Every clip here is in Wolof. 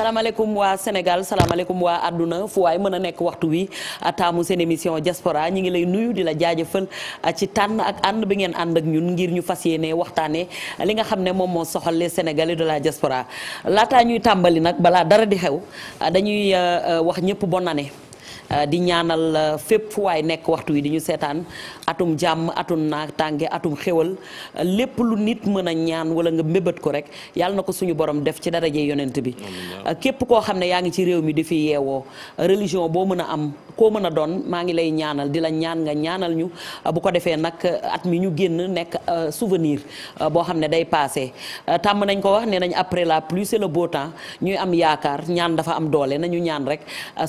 salaamaaleykum waa Sénégal salaamaaleykum waa àdduna fu waay mën a nekk waxtu wi taamu seen émission diaspora ñi ngi lay nuyu di la jaajëfal ci tànn ak ànd bi ngeen ànd ak ñun ngir ñu fas yéene waxtaanee li nga xam ne moom moo soxal les Sénégalais de la diaspora laataa ñuy tàmbali nag balaa dara di xew dañuy wax ñëpp bonne ne Euh, di ñaanal euh, fépp fu waay nekk waxtu wi di ñu seetaan atum jàmm atum naa naataange atum xéwal euh, lépp lu nit mën a ñaan wala nga mébét ko rek yàlla na ko suñu borom def ci daraje yonent bi képp koo xam ne yaa ngi ci réew mi di fi yeewoo religion boo mën a am koo mën a doon maa ngi lay ñaanal di la ñaan nga ñaanal ñu bu ko defee nag at mi ñu génn nekk souvenir boo xam ne day passé tàmm nañ ko wax nee nañ après la pluie le beau temps ñuy am yaakaar ñaan dafa am doole nañu ñaan rek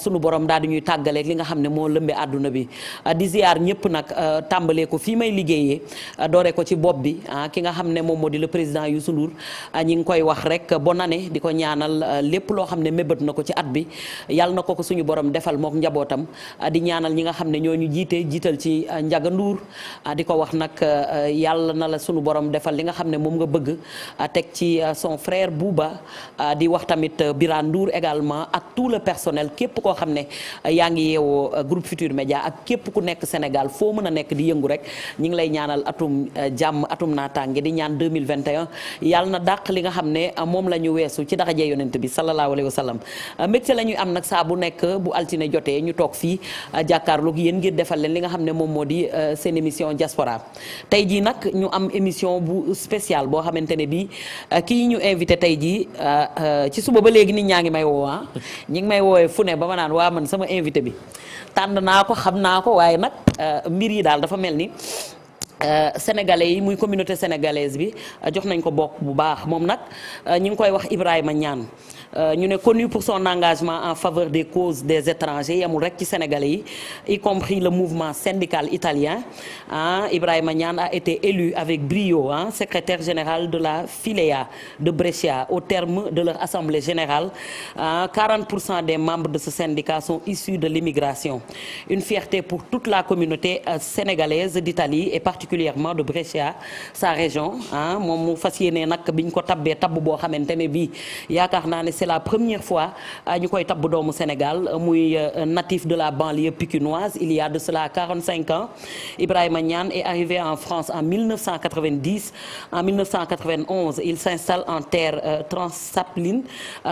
suñu borom daal di ñuy tàgg àggaleeg li nga xam ne moo lëmbee àdduna bi ah, di ziar ñëpp nag ah, tàmbalee ko fii may liggéeyee ah, dooree ko ci bopp bi ki nga xam ne moom moo di la président Youssou Ndour ñi ngi koy wax rek bonne année di ko ñaanal lépp loo xam ne mébét na ko ci at bi yàlla na ko ko suñu borom defal mook njabootam di ñaanal ñi nga xam ne ñoo ñu jiite jiital ci Ndiaga di ko wax nag yàlla na la suñu borom defal li nga xam ne moom nga bëgg teg ci son frère Bouba di wax tamit Birane Ndour également ak tout le personnel képp koo xam ne yaa ngi ngi yeewoo euh, groupe Futur Média ak képp ku nekk Sénégal foo mën a nekk di yëngu rek ñu ngi lay ñaanal atum euh, jàmm atum naataange di ñaan 2021 yàlla na dàq li nga xam ne euh, moom la ñu weesu ci daraja yonent bi sallallahu alayhi wa sallam mbégte la ñuy am nag saa bu nekk bu altine jotee ñu toog fii jàkkaarloog yéen ngir defal leen li nga xam ne moom moo di seen émission diaspora tey jii nag ñu am émission bu spéciale boo xamante ne bi ki ñu invité tey jii ci suba ba léegi nit ñaa tànn naa ko xam naa ko waaye nag euh, mbir yi daal dafa mel ni euh, sénégalais yi muy communauté sénégalaise bi euh, jox nañ ko bokk bu baax moom nag ñu ngi koy wax Ibrahima Niane Euh, ñu ne connu pour son engagement en faveur des causes des étrangers yamul rek ci sénégalais yi y compris le mouvement syndical italien ah Ibrahima Niane a été élu avec brio ah secrétaire général de la Filea de Brescia au terme de leur assemblée générale ah 40 pour cent des membres de ce syndicat sont issus de l'immigration une fierté pour toute la communauté euh, sénégalaise d'Italie et particulièrement de Brescia sa région ah mu fas yéene nag ko tabbee tabb boo xamante ne c'est la première fois euh, ñu koy tabb doomu Sénégal euh, muy euh, natif de la banlieue pikinoise il y a de cela 45 ans Ibrahima Niane est arrivé en France en 1990 en 1991 il s'installe en terre transalpine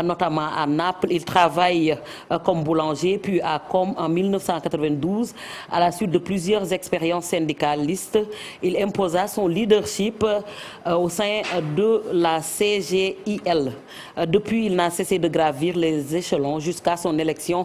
notamment à Naples il travaille comme boulanger puis à Comme en 1992 à la suite de plusieurs expériences syndicalistes il imposa son leadership au sein de la CGIL depuis il n'a cessé de gravir les échelons jusqu'à son élection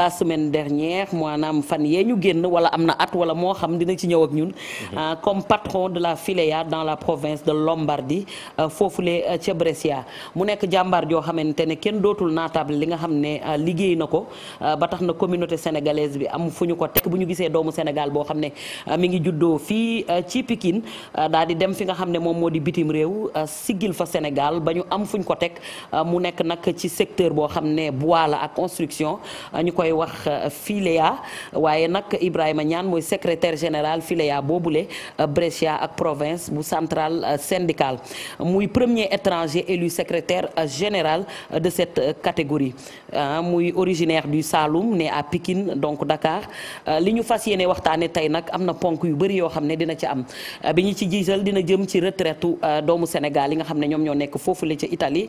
la semaine dernière maanaam fan yee ñu génn wala am na at wala moo xam dina ci ñëw ak ñun mhm. ah, comme patron de la Filea dans la province de Lombardie euh, foofule euh, ca Brescia mu nekk jàmbaar joo xamante ne kenn dootul naatable li nga xam ne euh, liggéey na ko ba tax na communauté sénégalaise bi am fu ñu ko teg bu ñu gisee doomu Sénégal boo xam ne mi ngi juddoo fii ci Pikine daal di dem fi nga xam ne moom moo di bitim réew siggil fa Sénégal ci secteur boo xam ne bois la ak construction euh, ñu koy wax euh, Filea waaye nag Ibrahima ñaan mooy secrétaire général Filea boobule euh, Brescia ak province bu centrale syndicale muy premier étranger élu secrétaire général de cette catégorie muy originaire du saalum ne à Pikine donc Dakar li ñu fas yéene waxtaane tey nag am na ponk yu bëri yoo xam ne dina ci am bi ñu ci jiital dina jëm ci retraitu doomu Sénégal yi nga xam ne ñoom ñoo nekk foofu la ca Italie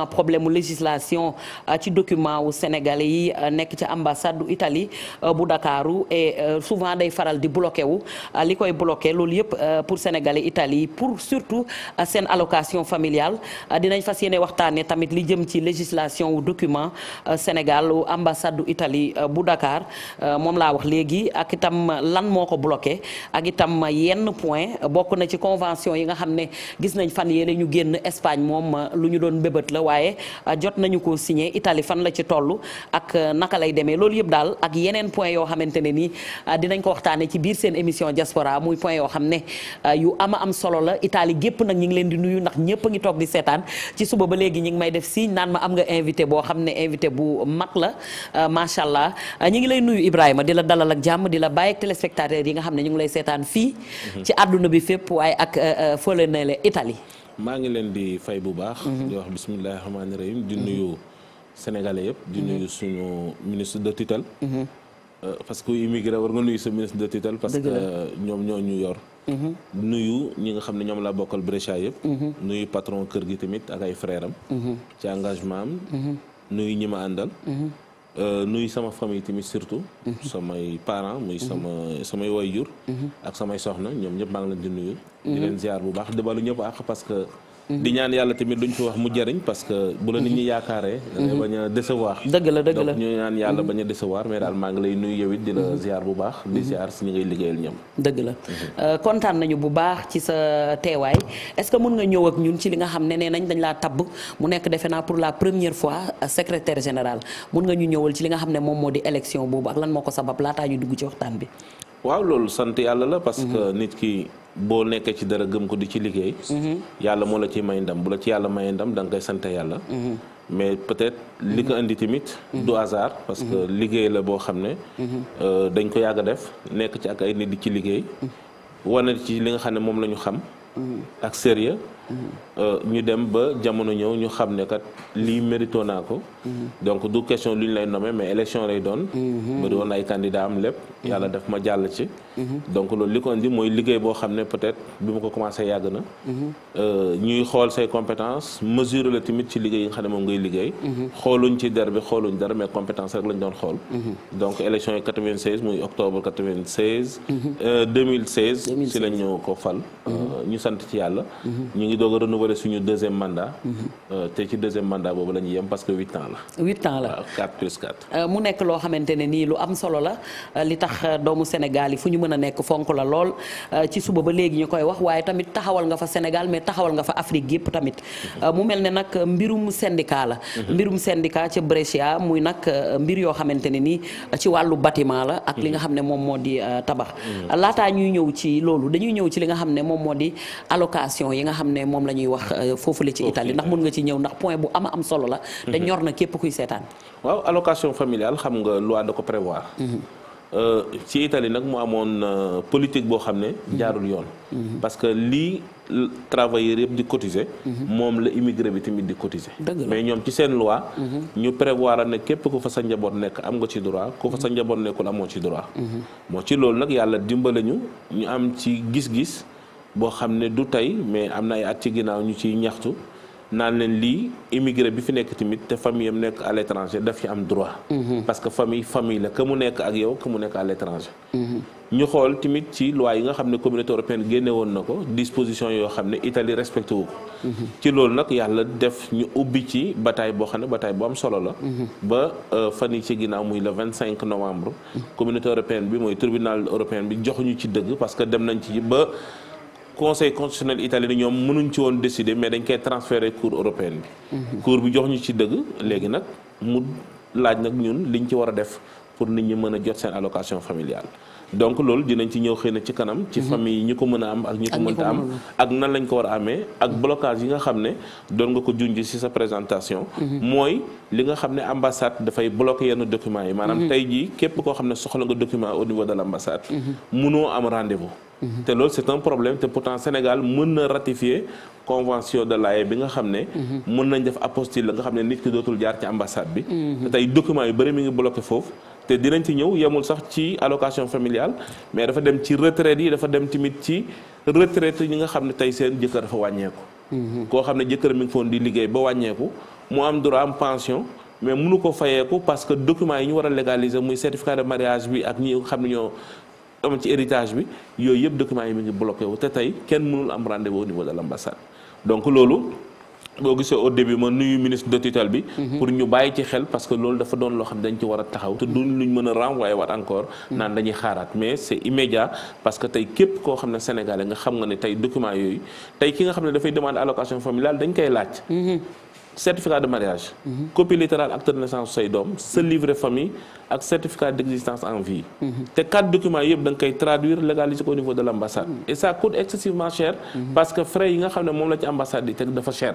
également problème mu législation euh, ci document wu sénégalais yi euh, nekk ci ambassade du Italie euh, bu Ndakaaru et souvent day faral di bloqué wu li koy bloqué loolu yëpp pour sénégalais Italie pour surtout seen allocation familiale dinañ fas yéene waxtaanee tamit li jëm ci législation wu document Sénégal wu ambassade du Italie bu dakaar moom laa wax léegi ak itam lan moo ko bloqué ak itam yenn point bokk na ci convention yi nga xam ne gis nañ fan yéene ñu génn Espagne moom waaye euh, jot nañu ko signé itali fan la ci toll ak euh, naka lay demee loolu yëpp daal ak yeneen point yoo xamante ne nii euh, dinañ ko waxtaanee ci biir seen émission diaspora muy point yoo xam ne yu ama am solo la Italie gépp nag ñi ngi leen di nuyu ndax ñëpp a ngi toog di seetaan ci suba ba léegi ñi ngi may def signe naan ma am nga invité boo xam ne invité bu mag la macha allah ñi ngi lay nuyu Ibrahima di la dalal ak jàmm di la bàyyi ak téléspectateurs yi nga xam ne ñu ngi lay seetaan fii mhm. ci àdduna bi fépp waaye ak fële na le maa ngi leen di fay bu baax. Mhm. di wax bisimilah rahmaani rahim di mhm. nuyu sénégalais yëpp. di mhm. nuyu suñu ministre de tutelle. Euh, parce que immigré war nga nuyu sa ministre de tutelle. parce que ñoom ñoo ñu yor. nuyu ñi nga xam ne ñoom laa bokkal Brescia yëpp. nuyu patron kër gi tamit ak ay frères ci engagement am. nuyu ñi ma àndal. Euh, nuyu sama famille tamit surtout. samay parents muy sama samay waajur. ak samay soxna ñoom ñëpp maa ngi leen di nuyu. di leen mhm. ziar bu baax di balu parce que. di ñaan yàlla tamit luñ fi wax mu jëriñ parce que. bu la nit ñi mhm. yaakaaree. da mhm. bañ dëgg la dëgg la donc ñu ñaan yàlla a maa ngi lay nuyu yow it bu baax. di ziar si ñi ngay liggéeyal la euh, kontaan nañu bu baax ci sa teewaay est-ce que mën nga ñëw ak ñun ci li nga xam ne nee nañ dañ laa tabb mu nekk defe naa pour la première fois euh, secrétaire général mun nga ñu ñëwal ci li nga xam ne moom moo di élection boobu ak lan moo ko sabab laataa ñu dugg ci waxtaan bi. waaw loolu sant yàlla la parce que mhm. nit ki boo nekkee ci dara gëm ko di ci liggéey mhm. yàlla moo la ciy may ndam bu la ci yàlla may ndam danga koy sante yàlla mhm. mais peut-être li ko indi tamit du hasard parce que liggéey la boo xam ne euh, dañ ko yàgg def nekk ci ak ay nit di ci liggéey wane ci li nga xam ne moom la ñu xam ak sérieux Euh, ñu dem ba jamono ñëw ñu xam ne kat lii mérito naa ko. donc du question lu ñu lay nommé mais élection lay doon. bëri mhm. woon ay candidat am lépp. yàlla daf ma jàll ci. Mhm. donc loolu li ko indi mooy liggéey boo xam ne peut-être bi ma ko commencé yàgg na. Mhm. Euh, ñuy xool say compétence mesure la tamit ci liggéey yi nga xam ne moom ngay liggéey. xooluñ ci der bi xooluñ dara mais compétence rek lañ doon xool. donc élection yi 96 muy octobre 96. 2016. 2016 ci lañ ñëw ko fal. Euh, ñu sant ci yàlla. doog a renouveler suñu deuxième mandat. Mhm. Euh, te ci deuxième mandat boobu la ñuy yem parce que huit ans la. huit ans la euh, mu nekk loo xamante ne lu am solo la euh, li tax doomu Sénégal fu ñu mën a nekk fonk la lool ci suba ba léegi ñu koy wax waaye tamit taxawal nga fa Sénégal mais taxawal nga fa Afrique yëpp tamit mhm. mu mel ne nag mbirum syndicat la. Mhm. mbirum syndicat ca Brescia muy nag mbir yoo xamante ne nii ci wàllu bâtiment la. ak li nga xam ne moom moo di tabax. laataa moom la ñuy wax euh, foofu la ci Italie nga ci ñëw ndax point bu ama am solo la te mhm. ñor mhm. euh, euh, boo xam ne mhm. jaarul yoon parce que lii travailleurs yëpp di cotiser moom la immigré bi tamit di cotiser mais ñoom ci seen loi ñu prévoir ne képp ku fa sa njaboot nekk am nga ci droit ku sa njaboot nekkul amoo ci moo ci loolu nag yàlla dimbale ñu am ci gis-gis boo xam ne du tey mais am na ay at ci ginnaaw ñu ciy ñaxtu naan leen lii immigré bi fi nekk tamit te famille am nekk à l'étranger daf ci am droit. Mhm. parce que famille famille la que mu nekk ak yow que mu nekk à l'étranger. Mhm. ñu xool tamit ci loi yi nga xam ne communauté européenne génne woon na ko disposition yoo xam ne Italie respecté wu ko. Mhm. ci loolu nag yàlla def ñu ubbi ci bataille boo xam ne bataille bu am solo la. ba euh, fan yi ci ginnaaw muy le 25 novembre. communauté conseil constitutionnel italien ñoom mënuñ ci woon décider mais dañ koy transférer cour européenne bi. Mhm. cour bi jox ñu ci dëgg léegi nag mu laaj nag ñun li ñu ci war a def pour nit ñi mën a jot seen allocation familial donc loolu dinañ ci ñëw xëy na ci kanam. ci mhm. famille ñi ko mën a am ak ñi ko mënta am. ak nan lañ ko war a amee ak blocage yi nga xam ne doon nga ko junj ci sa présentation. Mhm. mooy li nga xam ne ambassade dafay bloqué yenn documents yi. maanaam mhm. tey jii képp koo xam ne soxla nga document au niveau de l' ambassade. munoo am rendez-vous. te lool c'est un problème te pourtant Sénégal mën na ratifier convention de l'AE bi nga xam ne. mën nañ def apostille la nga xam ne nit dootul jaar ci ambassade bi. te tey documents yu bëri mi ngi bloqué foofu. te dinañ ci ñëw yemul sax ci allocation familiale mais dafa dem ci retraite yi dafa dem tamit ci retraite ñi nga xam ne tey seen jëkkër dafa wàññeeku. Mm-hmm. koo xam ne jëkkër mi ngi foon di liggéey ba wàññeeku mu am droit am pension. mais munu ko fayeeku parce que document yi ñu war a légaliser muy certificat de mariage bi ak ñi nga xam ne ñoo am ci héritage bi yooyu yëpp document yi mu ngi bloqué wu te tey kenn mënul am rendez-vous au niveau de l'ambassade donc loolu boo gisee au début ma nuyu ministre de tutelle bi. Mhm. pour ñu bàyyi ci xel parce que loolu dafa doon loo xam dañ ci war a taxaw. te duñ luñ mën a renvoyer waat encore. Mhm. naan dañuy xaaraat mais c' immédiat parce tey képp koo xam ne sénégalais nga xam nga ne tey document yooyu tey ki nga xam ne dafay demander allocation familiale dañ koy laaj. Mhm. certificat de mariage. Mhm. copie littérale acte de naissance say doom sa mhm. livret famille ak certificat d'existence en vie. Mhm. te quatre documents yëpp da nga koy traduire légaliser ko niveau de l'ambassade. et ça coûte excessivement cher. parce que frais yi nga xam ne moom la ci ambassade di teg dafa cher.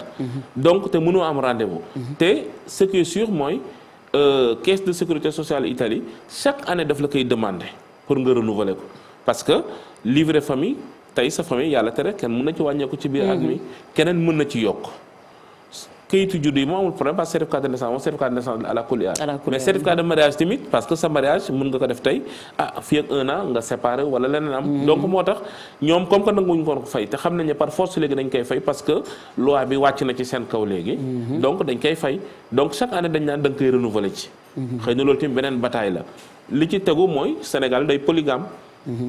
donc te mënoo am rendez-vous. te ce qui est sûr mooy euh, caisse de sécurité sociale Italie chaque année daf la koy demander pour nga renouveler ko parce que livret famille tey sa famille yàlla tere kenn mën na wàññeeku ci biir at mi keneen mën na ci yokk. kayitu juddu yi moo amul problème parce que certificat de naissance moom certificat de naissance à la kulli mais certificat de mariage tamit parce que sa mariage mën nga ko def tey ah fii ak un nga séparé wala leneen am hmm. donc moo tax ñoom comme que nanguñu ko te xam nañ ne par force léegi dañ koy fay parce que loi bi wàcc na ci seen kaw léegi hmm. donc dañ koy fay donc chaque année dañ naan da nga koy ci hmm. xëy na loolu tamit beneen bataille la li ci tegu mooy Sénégal day polygame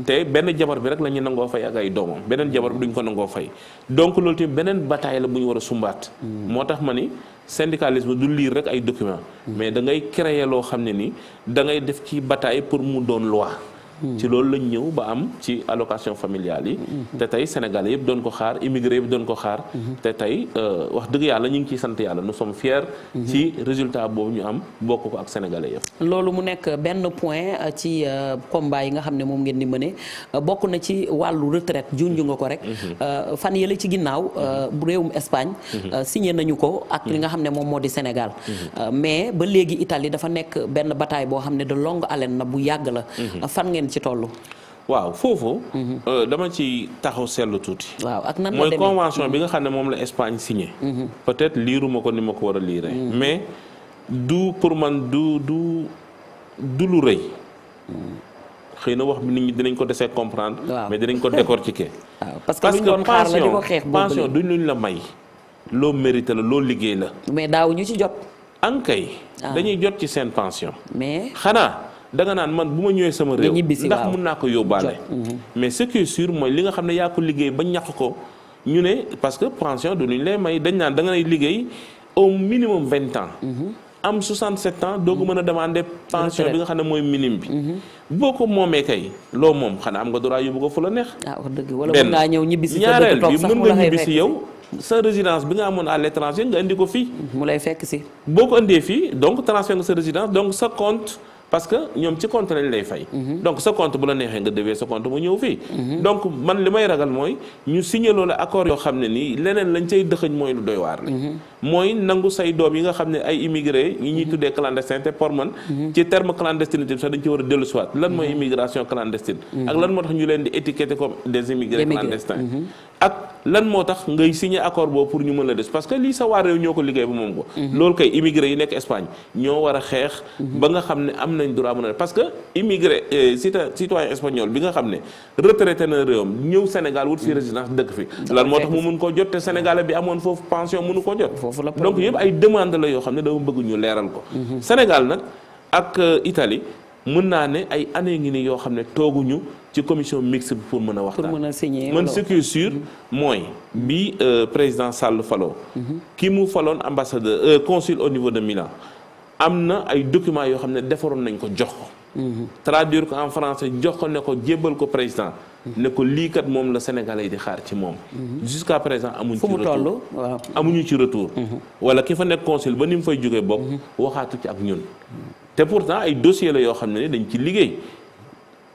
te benn jabar bi rek la ñu nangoo fay ak ay doomam beneen jabar bi ñu ko nangoo fay donc loolu tamit beneen bataay la bu ñu war a sumbaat mm. moo tax ma ni syndicalisme du liir rek ay document mm. mais da ngay créer loo xam ne ni da ngay def ci bataay pour mu doon loi ci loolu lañ ñëw ba am ci allocation familiale yi. Mm-hmm. te tey Sénégalais yëpp doon ko xaar immigré yëpp doon ko xaar. Mm-hmm. te tey euh, wax dëgg yàlla ñu ngi ciy sant yàlla nous sommes fiers. Mm-hmm. ci résultat boo ñu am bokk ko ak Sénégalais yëpp. loolu mu nekk benn point euh, ci euh, combat yi nga xam ne moom ngeen di mëne bokk na ci wàllu retraite junj nga ko rek. fan yële ci ginnaaw réewum Espagne. signé nañu ko ak li nga xam ne moom moo di Sénégal. mais ba léegi Italie dafa nekk benn bataille boo xam ne de longue haleine na bu yàgg la. ngeen ci toll. waaw foofu. Mhm. Euh, dama ci taxaw seetlu tuuti. waaw ak nan mooy convention bi nga mhm. xam ne moom la Espagne signé. Mhm. peut-être liiruma ko ni ma ko war a liiree. mais du pour man du du du lu rëy. xëy na wax bi ni ñi dinañ ko desee comprendre. mais dinañ ko décortiquer. waaw parce que luñ xaar la ko xeex pension duñ luñ la may. loo mérité la loo liggéey la. mais daaw ñu ci jot. ankay ah. dañuy jot ci seen pension. mais xanaa. danga naan man bu ma ñëwee sama réew ndax mun naa ko yóbbaale mhm. mais ce qui est mooy li nga xam ne yaa ko liggéey ba ñàkk ko ñu ne parce que pension du luñ lay may dañ naan da nga lay liggéey au minimum vingt ans mhm. am 67 ans doo ko mën a demander pension bi nga xam ne mooy minimum bi mhm. boo ko moomee kay loo moom xanaa am nga droit yóbbu ko fu la neex ah, benn ñaareel bi mën nga ñibbisi yow sa résidence bi nga amoon à l'étranger nga indi ko fii mu lay fekk si boo ko indee fii donc transfert nga sa sa compte parce que ñoom ci compte lañ lay fay. Mhm. donc sa compte bu la neexee nga déwee sa compte mu ñëw fii. Mhm. donc man li may ragal mooy ñu signé loolu accord yoo xam ne nii leneen lañ cay dëxëñ mooy lu doy waar la. Mhm. mooy nangu say doom yi nga xam ne ay immigré yi ñuy tuddee clandestin te pour man. ci terme clandestinité bi sax dañ ci war a dellu si lan mooy immigration clandestine. ak lan moo tax ñu leen di étiqueter comme des immigrés clandestins. ak lan moo tax ngay signé accord boobu pour ñu mën la des parce que lii sa waa réew ñoo ko liggéey ba moom ko mhm. loolu kay immigré yi nekk Espagne ñoo war a xeex mhm. ba nga xam ne am nañ droit mën a parce que immigré euh, citoyen espagnol bi nga xam ne retraité na réewam ñëw Sénégal wut fi mhm. résidence dëkk fi lan moo tax mu mun koo jot te Sénégalais bi amoon foofu pension mënu koo jot donc yëpp ay demande la yoo xam ne dama bëgg ñu leeral ko Sénégal nag ak euh, Italie mën naa ne ay année ngi ni yoo xam ne tooguñu ci commission mixte bi pour mën a waxtaan pour mën a signer man ce qui est sûr mm-hmm. mooy bi euh, président Sall falo mm-hmm. ki mu faloon ambassadeur euh, consul au niveau de Milan am na ay documents yoo xam ne defaroon nañ ko jox ko mm-hmm. traduire ko en français jox ko ne ko jébbal ko président ne ko lii kat moom la sénégalais yi di xaar ci moom jusqu'à présent amuñ ci retour amuñu ci retour wala ki fa nekk consul ba ni mu fay jógee bokk waxaatu ci ak ñu te pourtant ay dossier la yoo xam ne dañ ci liggéey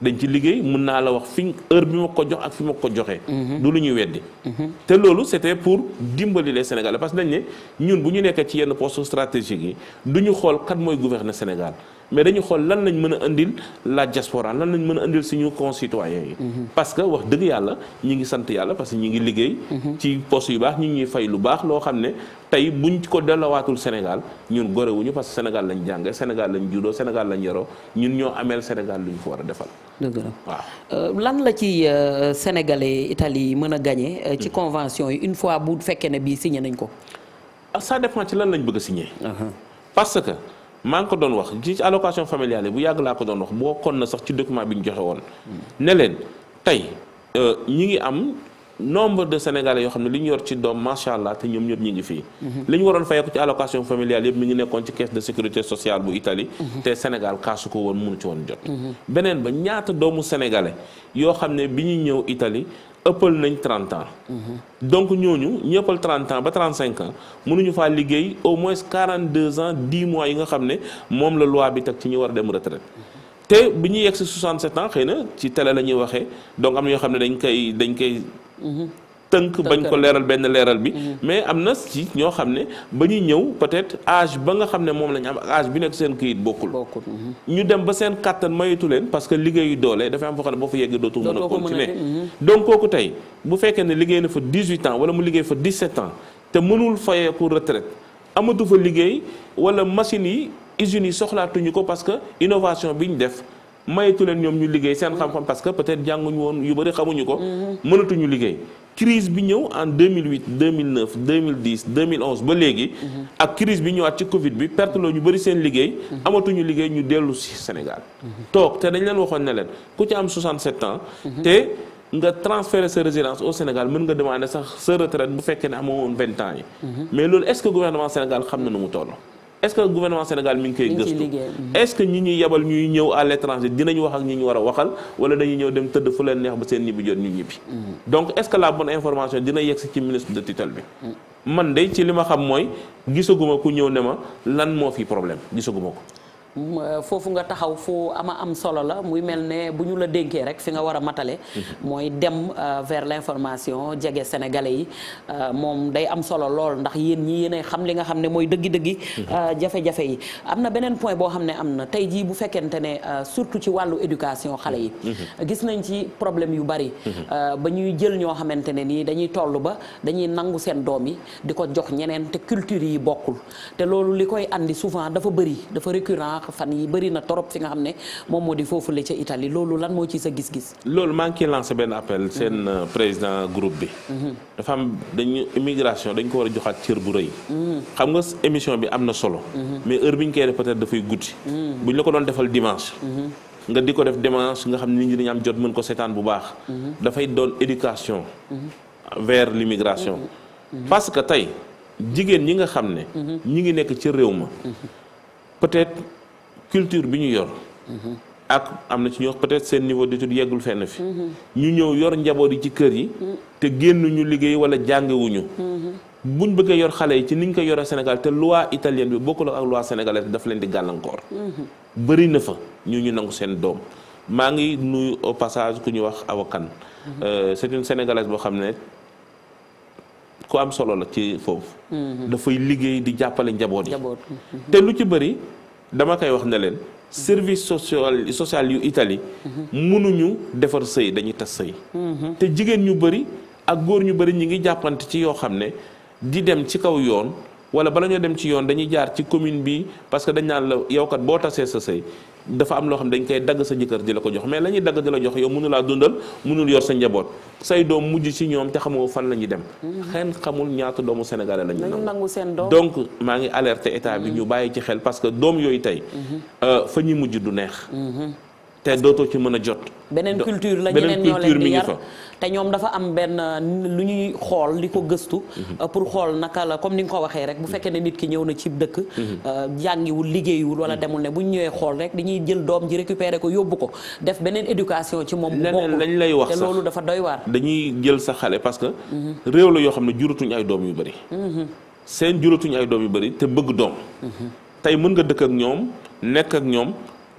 dañ ci liggéey mun naa la wax fi heure bi ma ko jox ak fi ma ko joxee. Mhm. du lu ñuy weddi. Mhm. te loolu c'était pour dimbali les Sénégalais parce que dañ ne ñun bu ñu nekkee ci yenn poste stratégique yi du ñu xool kat mooy gouverner Sénégal. mais dañu xool lan lañ mën a indil la diaspora lan lañ mën a indil suñu concitoyens yi. Mhm. parce que wax dëgg yàlla ñi ngi sant yàlla parce que ñi ngi liggéey. Mhm. ci poste yu baax ñi ngi ñuy fay lu baax loo xam ne tey buñ ko dellawaatul Sénégal ñun gorewuñu parce que Sénégal lañ jàngee Sénégal lañ juddoo Sénégal lañ yaroo ñun ñoo ameel Sénégal lu ñu war a defal. waaw euh, lan la ci euh, sénégalais Italie yi mën a gagné. Euh, ci mhm. convention yi une fois bu fekkee ne bii signé nañ ko. sa ah, dépend ci lan lañ bëgg a signé. maa ngi ko doon wax ci allocation familiale bu yàgg laa ko doon wax bokkoon na sax ci document bi ñu joxe woon. ne leen tey euh, ñi ngi am nombre de sénégalais yoo xam ne li ñu yor ci doom macha allah te ñoom ñëpp ñi ngi fii. Mhm. li ñu waroon fayeeku ci allocation familiale yëpp mi ngi nekkoon ci caisse de sécurité sociale bu Italie. Mhm. te Sénégal kaasu ko woon mënu ci woon jot. Mhm. beneen ba ñaata doomu sénégalais yoo xam ne bi ñu ñëw Italie. ëppal nañ 30 ans. donc ñooñu ñu ëppal 30 ans ba 35 ans mënuñu faa liggéey au moins deux ans 10 mois yi nga xam ne moom la loi bi teg ci ñu war a dem retraite te bi ñu yegg si 67 ans xëy na ci télé la ñuy waxee donc am na ñoo xam ne dañ koy dañ koy. tënk bañ ko leeral benn leeral bi mm-hmm. mais am na ci ñoo xam ne ba ñu ñëw peut-être âge ba nga xam ne moom la am âge bi nekk seen këyit bokkul mm-hmm. ñu dem ba seen kàttan mayitu leen parce que liggéeyu doole dafa am foo xam ne boo fa yegg dootu mën a continuer mm-hmm. donc kooku tey bu fekkee ne liggéey na fa 18 ans wala mu liggéey fa 17 ans te mënul fayee pour retraite amatu fa liggéey wala machines yi usines yi soxlaatuñu ko parce que innovation bi ñu def mayitu leen ñoom ñu liggéey seen xam-xam parce que peut-être jànguñu woon yu bëri xamuñu ko mënatuñu liggéey crise bi ñëw en 2008 2009 2010 2011 ba léegi. Mhm. ak crise bi ñëwaat ci Covid bi perte loo ñu bëri seen liggéey. Mhm. amatuñu liggéey ñu dellu si Sénégal. Mhm. toog te dañ leen waxoon ne leen ku ci am 67 ans. te nga transférer sa résidence au Sénégal mën nga demander sax sa retraite bu fekkee ne amoo woon 20 ans yi. mais loolu est-ce que gouvernement Sénégal xam na nu mu toll. est-ce que gouvernement Sénégal mi ngi koy gëstu mhm. est-ce que ñi ñuy yebal ñuy ñëw à l'étranger dinañ wax ak ñi ñu war a waxal wala dañuy ñëw dem tëdd fu leen neex ba seen ñibbi jot ñu ñibbi mhm. donc est-ce que la bonne information dina yegsi ci ministre de tutelle bi mhm. man de ci li ma xam mooy gisaguma ku ñëw ne ma lan moo fi problème gisaguma ko Euh, foofu nga taxaw foo ama am solo la muy mel ne bu ñu la dénkee rek fi nga war a matale mm-hmm. mooy dem euh, vers l'information jege sénégalais yi euh, moom day am solo lool ndax yéen ñi yéen xam li nga xam ne mooy dëggi-dëggi mm-hmm. jafe-jafe yi am na beneen point boo xam ne am na tey jii bu fekkente ne surtout ci wàllu éducation xale yi mm-hmm. gis nañ ci problème yu bari ba ñuy jël ñoo xamante ne nii dañuy toll ba dañuy nangu seen doom yi di ko jox ñeneen te culture yi bokkul te loolu li koy andi dafa bëri sànq fan yi bëri na torop fi nga xam ne moom moo di foofu la ca Italie loolu lan moo ci sa gis-gis. loolu maa ngi ciy lancé benn appel seen mhm. euh, président groupe bi. Mhm. dafa am dañu immigration dañ ko war a joxaat cër bu rëy. Mhm. xam nga émission bi am na solo. mais heure bi ñu koy def peut-être dafay guddi. bu ñu la ko doon defal dimanche. nga di ko def démarche nga xam ne nit dañu am jot mën ko seetaan bu baax. dafay doon éducation. vers l'immigration. parce que tey jigéen ñi nga xam ne. ñi ngi nekk ci réew ma culture bi ñu yor. ak am na ci ñoo peut-être seen niveau d'étude yeggul fenn fi. ñu ñëw yor njaboot yi ci kër yi. te génn ñu liggéey wala jàngewuñu buñ bëggee yor xale yi ci niñ ko yore Sénégal te loi italienne bi bokkul ak loi sénégalaise daf leen di gàllankoor. bëri na fa ñu ñu nangu seen doom maa ngi nuy au passage ku ñu wax awakan Kane. Euh, c'est une sénégalaise boo xam ne ku am solo la ci foofu. Mm-hmm. dafay liggéey di jàppale njaboot yi. Mm-hmm. te lu ci bëri. dama koy wax ne leen service social social yu Italie mënuñu defar sëy dañuy tas sëy te jigéen ñu bëri ak góor ñu bëri ñi ngi jàppante ci yoo xam ne di dem ci kaw yoon wala bala ñoo dem ci yoon dañuy jaar ci commune bi parce que dañ naan la yow kat boo tasee sa sëy dafa am loo xam dañ koy dagg sa jëkkër di la ko jox mais la ñuy dagg di la jox yow mënulaa dundal mënul yor sa njaboot say doom mujj ci ñoom te xamoo fan la ñuy dem xen mm-hmm. xamul ñaata doomu sénégalais la ñu nangu seen doom donc maa ngi alerté état bi mm-hmm. ñu bàyyi ci xel parce que doom yooyu tey mm-hmm. euh, fa ñuy mujj du neex te dootoo ci mën a jot. beneen culture la ñeneen ñoo te ñoom dafa am benn lu ñuy xool li ko gëstu. Mhm. Euh, pour xool naka la comme ni nga ko waxee rek bu mhm. fekkee ne nit ki ñëw na ci dëkk. Mhm. Euh, jàngiwul liggéey liggéeyiwul wala demul ne bu ñu ñëwee xool rek dañuy jël doom ji récupérer ko yóbbu ko def beneen éducation ci moom. bu bokkul lañ lay wax te loolu dafa doy waar. dañuy jël sa xale parce que. réew la yoo xam ne juratuñ ay doom yu bari. seen juratuñ ay doom yu bari te bëgg doom. tey mën nga dëkk ak ñoom nekk ak ñoom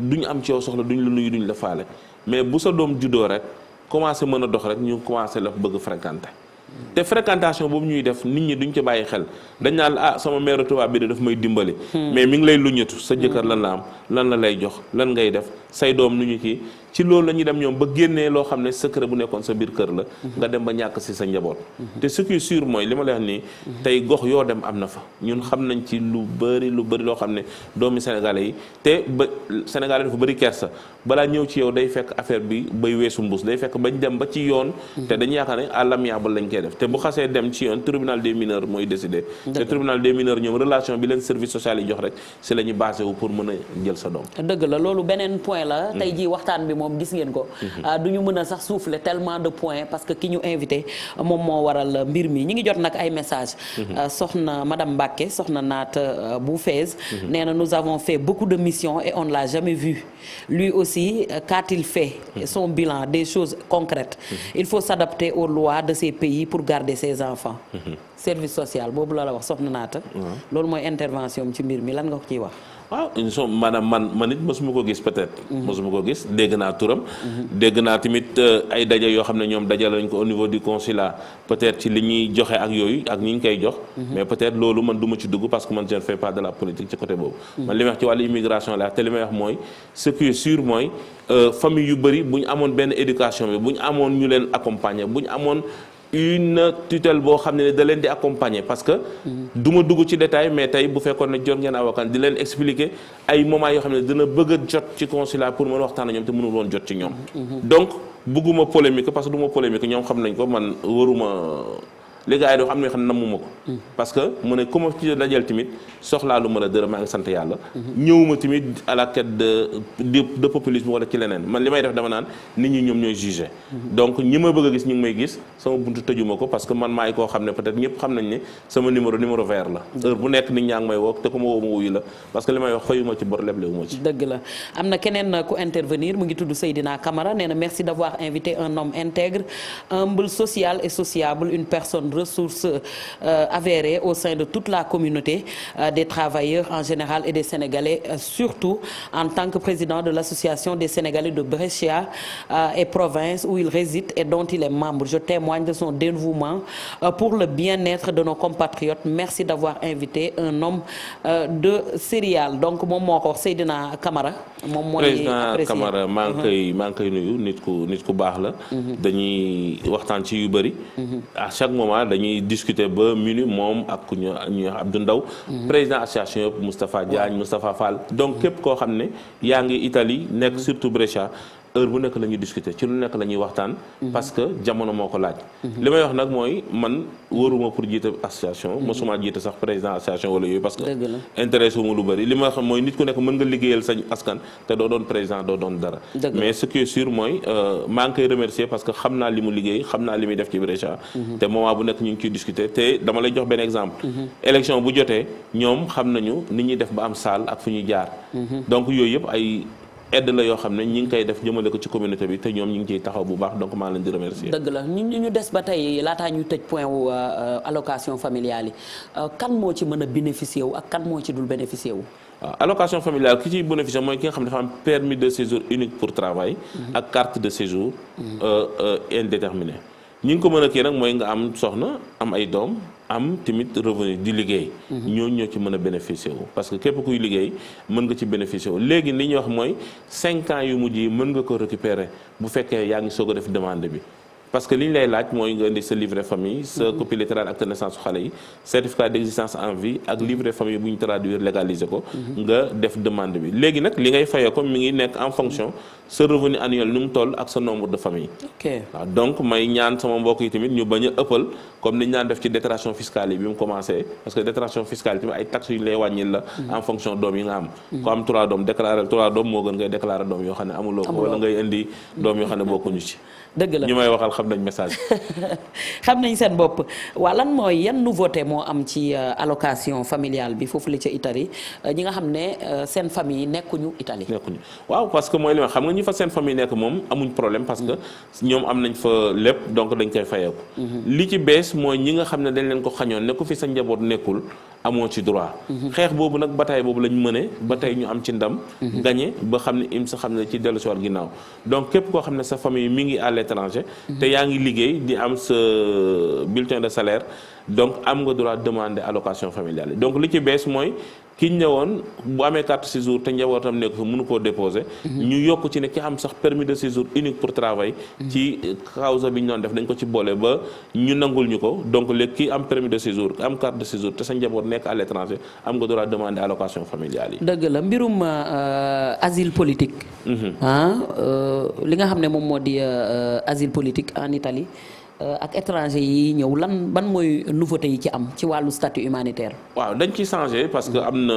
du ñu am ci yow soxla duñ la nuyu duñu la faale mais bu sa doom juddoo rek commencé mën a dox rek ñu commencé la bëgg fréquenter te fréquentation boobu ñuy def nit ñi duñ ci bàyyi xel dañ naan ah sama mère tubaab bi dafa daf may dimbali. Hmm. mais mi ngi lay luñatu sa hmm. jëkkër lan la am lan la lay jox lan ngay def say doom nu ñu kii ci loolu la ñuy dem ñoom ba génnee loo xam ne secret bu nekkoon sa biir kër la. Hmm. nga dem ba ñàkk si sa njaboot. te ce qui est mooy li ma lay nii. tey gox yoo dem am na fa ñun xam nañ ci lu bëri lu bëri loo xam ne doomi sénégalais yi te ba sénégalais dafa bari kersa balaa ñëw ci yow day fekk affaire bi bay weesu mbuus day fekk bañ dem ci yoon. lay def te bu xasee dem ci un tribunal des mineurs mooy décidé te tribunal des mineurs ñoom relation bi leen service social yi jox rek si la ñu pour mën a jël sa doom dëgg la loolu beneen point la mm-hmm. tey jii waxtaan bi moom gis ngeen ko mm-hmm. ah, du ñu mën a sax souffler tellement de points parce que ki ñu invité moom moo waral mbir mi ñi ngi jot nag ay message mm-hmm. ah, soxna madame Mbacke soxna naat ah, bu fees nee na nous avons fait beaucoup de mission et on l'a jamais vu lui aussi qua t des choses concrètes pour garder ses enfants. Mhm. service social boobu la la wax soxna naata. loolu mooy intervention ci mbir mi lan nga ko ciy wax. waaw ah, une so man man it suma ko gis peut-être. Mhm. mosuma ko gis dégg naa turam. Mhm. dégg naa tamit euh, ay daja yoo xam ne ñoom daje lañ ko au niveau du consulat peut ci li ñuy joxe ak yooyu ak ñi ñu koy jox. mais peut-être loolu man du ci dugg parce que man je ne fais pas de la politique ci côté boobu. man li may wax ci immigration la te li may wax mooy ce qui euh, bëri bu ñu amoon benn éducation bi bu amoon ñu leen accompagner bu ñu amoon. une tutelle boo xam ne da leen di accompagner parce que. du ma dugg ci détail mais tey bu fekkoon ne jot ngeen avocat di leen expliquer ay moment yoo xam ne dana bëgg jot ci consulat pour mën waxtaan ak ñoom te mënul woon jot ci ñoom. Mm-hmm. donc bëgguma polémique parce que du ma polémique ñoom xam nañ ko man waruma. li gars yi doo xam ne xam ne nammuma ko parce que mu ne ku ma ci dajal tamit soxlaa lu ma la dërëm maa ngi sant yàlla ñëwuma tamit à de de populisme wala ci leneen man li may def dama naan nit ñi ñoom ñooy jugé donc ñi ma bëgg a gis ñu ngi may gis sama buntu tëjuma ko parce que man maay koo xam ne peut-être xam ne sama numéro numéro vert la bu nekk nit ñaa ngi may woo te ku ma woo ma wuyu la parce que li may wax fayuma ci bor leble wu ma ci dëgg la am na keneen ku mu ngi tudd Seydina Camara nee na merci d'avoir invité un homme intègre une ressource euh, avérée au sein de toute la communauté euh, des travailleurs en général et des Sénégalais euh, surtout en tant que président de l'association des Sénégalais de Brescia et province où il réside et dont il est membre. Je témoigne de son dévouement pour le bien-être de nos compatriotes. Merci d'avoir invité un homme de céréales. Donc moom moo ko wax Seydina Camara moom moo président Camara maa ngi nit ku baax la mhm. dañuy waxtaan ci yu bëri mhm. à chaque moment temps dañuy discuté ba minuit moom ak ku ñu ñu Abdou Ndaw mhm. président association yëpp Moustapha Diagne Moustapha donc képp koo xam ne yaa ngi Italie nekk mhm. surtout Brescia heure bu nekk la ñuy discuter ci lu nekk la ñuy waxtaan. Mhm. parce que jamono moo ko laaj. Mhm. li may wax nag mooy man wóoruma pour jiite association. Mhm. mosuma jiite sax président association wala yooyu parce que. intéressé wu ma lu bëri li may wax mooy nit ku nekk mën nga liggéeyal sañ askan te doo doon président doo doon dara. mais ce qui est sûr mooy euh, maa ngi koy remercier parce que xam naa li mu liggéey xam naa li muy def ci Brescia. te moment bu nekk ñu ngi ciy discuter te dama lay jox bu jotee ñoom xam nañu ni ñuy def ba am salle ak fu ñuy jaar. donc yooyu yëpp ay. aide la yoo xam ne ñi ngi koy def jëmale ko ci communauté bi te ñoom ñi ngi ciy taxaw bu baax donc maa leen remercier. dëgg la ñu ñu des ba tey laataa ñuy tëj point wu euh, euh, allocation familiale euh, kan moo ci mën a bénéficier wu ak kan moo ci dul bénéficier wu. waaw ah, allocation familiale ki ci bénéficier mooy ki nga xam ne dafa am permis de séjour unique pour travail. Mhm. ak carte de séjour mhm. indéterminée. ñi nga ko mën a kii nag mooy nga am soxna am ay doom am tamit revenu di liggéey. Mhm. ñooñu ñoo ci mën a bénéficier wu. parce que képp kuy liggéey mën nga ci bénéficier wu léegi li ñuy wax mooy 5 ans yu mujj yi mën nga ko récupérer bu fekkee yaa ngi soog a def demande bi. parce que li ñu lay laaj mooy nga indi sa livret famille sa mhm. copie littérale acte su xale yi certificat d' existence ak livret famille bu ñu traduire légaliser ko mhm. nga def demande bi léegi nag li ngay fayee ko mi ngi nekk en fonction mhm. sa revenu annuel nu mu toll ak sa nombre de famille donc may ñaan sama mbokk yi tamit ñu bañ a ëppal comme ni ñu daan def ci déclaration fiscale yi bi mu commencé parce que déclaration fiscale yi tamit ay taxes yu ñu lay wàññil la en fonction doom yi nga am ku dëgg la ñu may waxal xam nañ message xam nañ seen bopp waa lan mooy yan nouveauté moo am ci euh, allocation familiale bi foofu la ca Italie euh, ñi nga xam ne euh, seen famille nekkuñu Italie nekkuñu waaw parce que mooy li ma xam nga ñi fa seen famille nekk moom amuñ problème parce que mm-hmm. ñoom am nañ fa lépp donc dañ koy fayeeku mm-hmm. li ci bees mooy ñi nga xam ne dañ leen ko xañoon nekku ku fi sa njaboot nekkul amoo ci droit mm-hmm. xeex boobu nag bataay boobu lañ mëne ba tey ñu am ci ndam gagné ba xam ne im xam ne ci dellusiwaat ginnaaw l'étranger te yaa ngi liggéey di am sa bulletin de salaire donc am nga droit demander allocation familiale donc li ci bees mooy ki ñëwoon bu amee carte séjour te njabootam nekk fa mënu koo déposé. Mhm. ñu yokk ci ne ki am sax permis de séjour unique pour travail. Mhm. ci causa bi ñu doon def dañ ko ci boole ba ñu nangul ñu ko donc léegi ki am permis de séjour am carte de séjour te sa njaboot nekk allocation familiale yi. dëgg la mbirum euh, asile politique. Mhm. ah euh, li nga xam ne di euh, asile Italie. Euh, ak étranger yi ñëw lan ban mooy nouveauté yi ci am ci wàllu statut humanitaire. waaw dañ ci changé parce que am na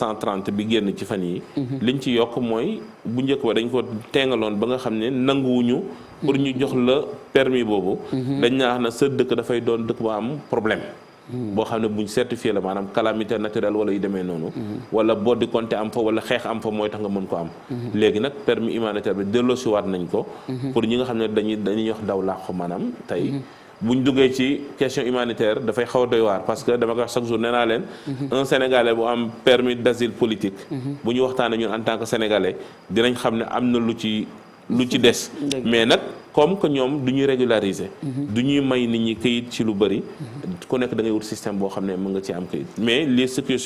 cent 130 bi génn ci fan yi mhm. liñ ci yokk mooy bu njëkk ba dañ ko teengaloon ba nga xam ne nanguwuñu. pour ñu jox la permis boobu. Mhm. dañ naa na sa dëkk dafay doon dëkk ba am problème. boo xam ne buñ certifié la maanaam calamité naturelle wala yu demee noonu wala boddi konte am fa wala xeex am fa mooy tax nga mën ko am léegi nag permis humanitaire bi delloosiwaat nañ ko pour ñi nga xam ne dañuy wax daw làqu maanaam tey buñ duggee ci question humanitaire dafay xaw a parce que dama ko chaque jour nee naa leen un sénégalais bu am permis d'asile politique bu ñu waxtaanee ñun en tant dinañ xam ne am na lu ci lu ci des comme que ñoom du ñuy régulariser. Mhm. du ñuy may nit ñi këyit ci lu bëri. ku nekk da ngay wut système boo xam ne mën nga ci am këyit mais li ce qui est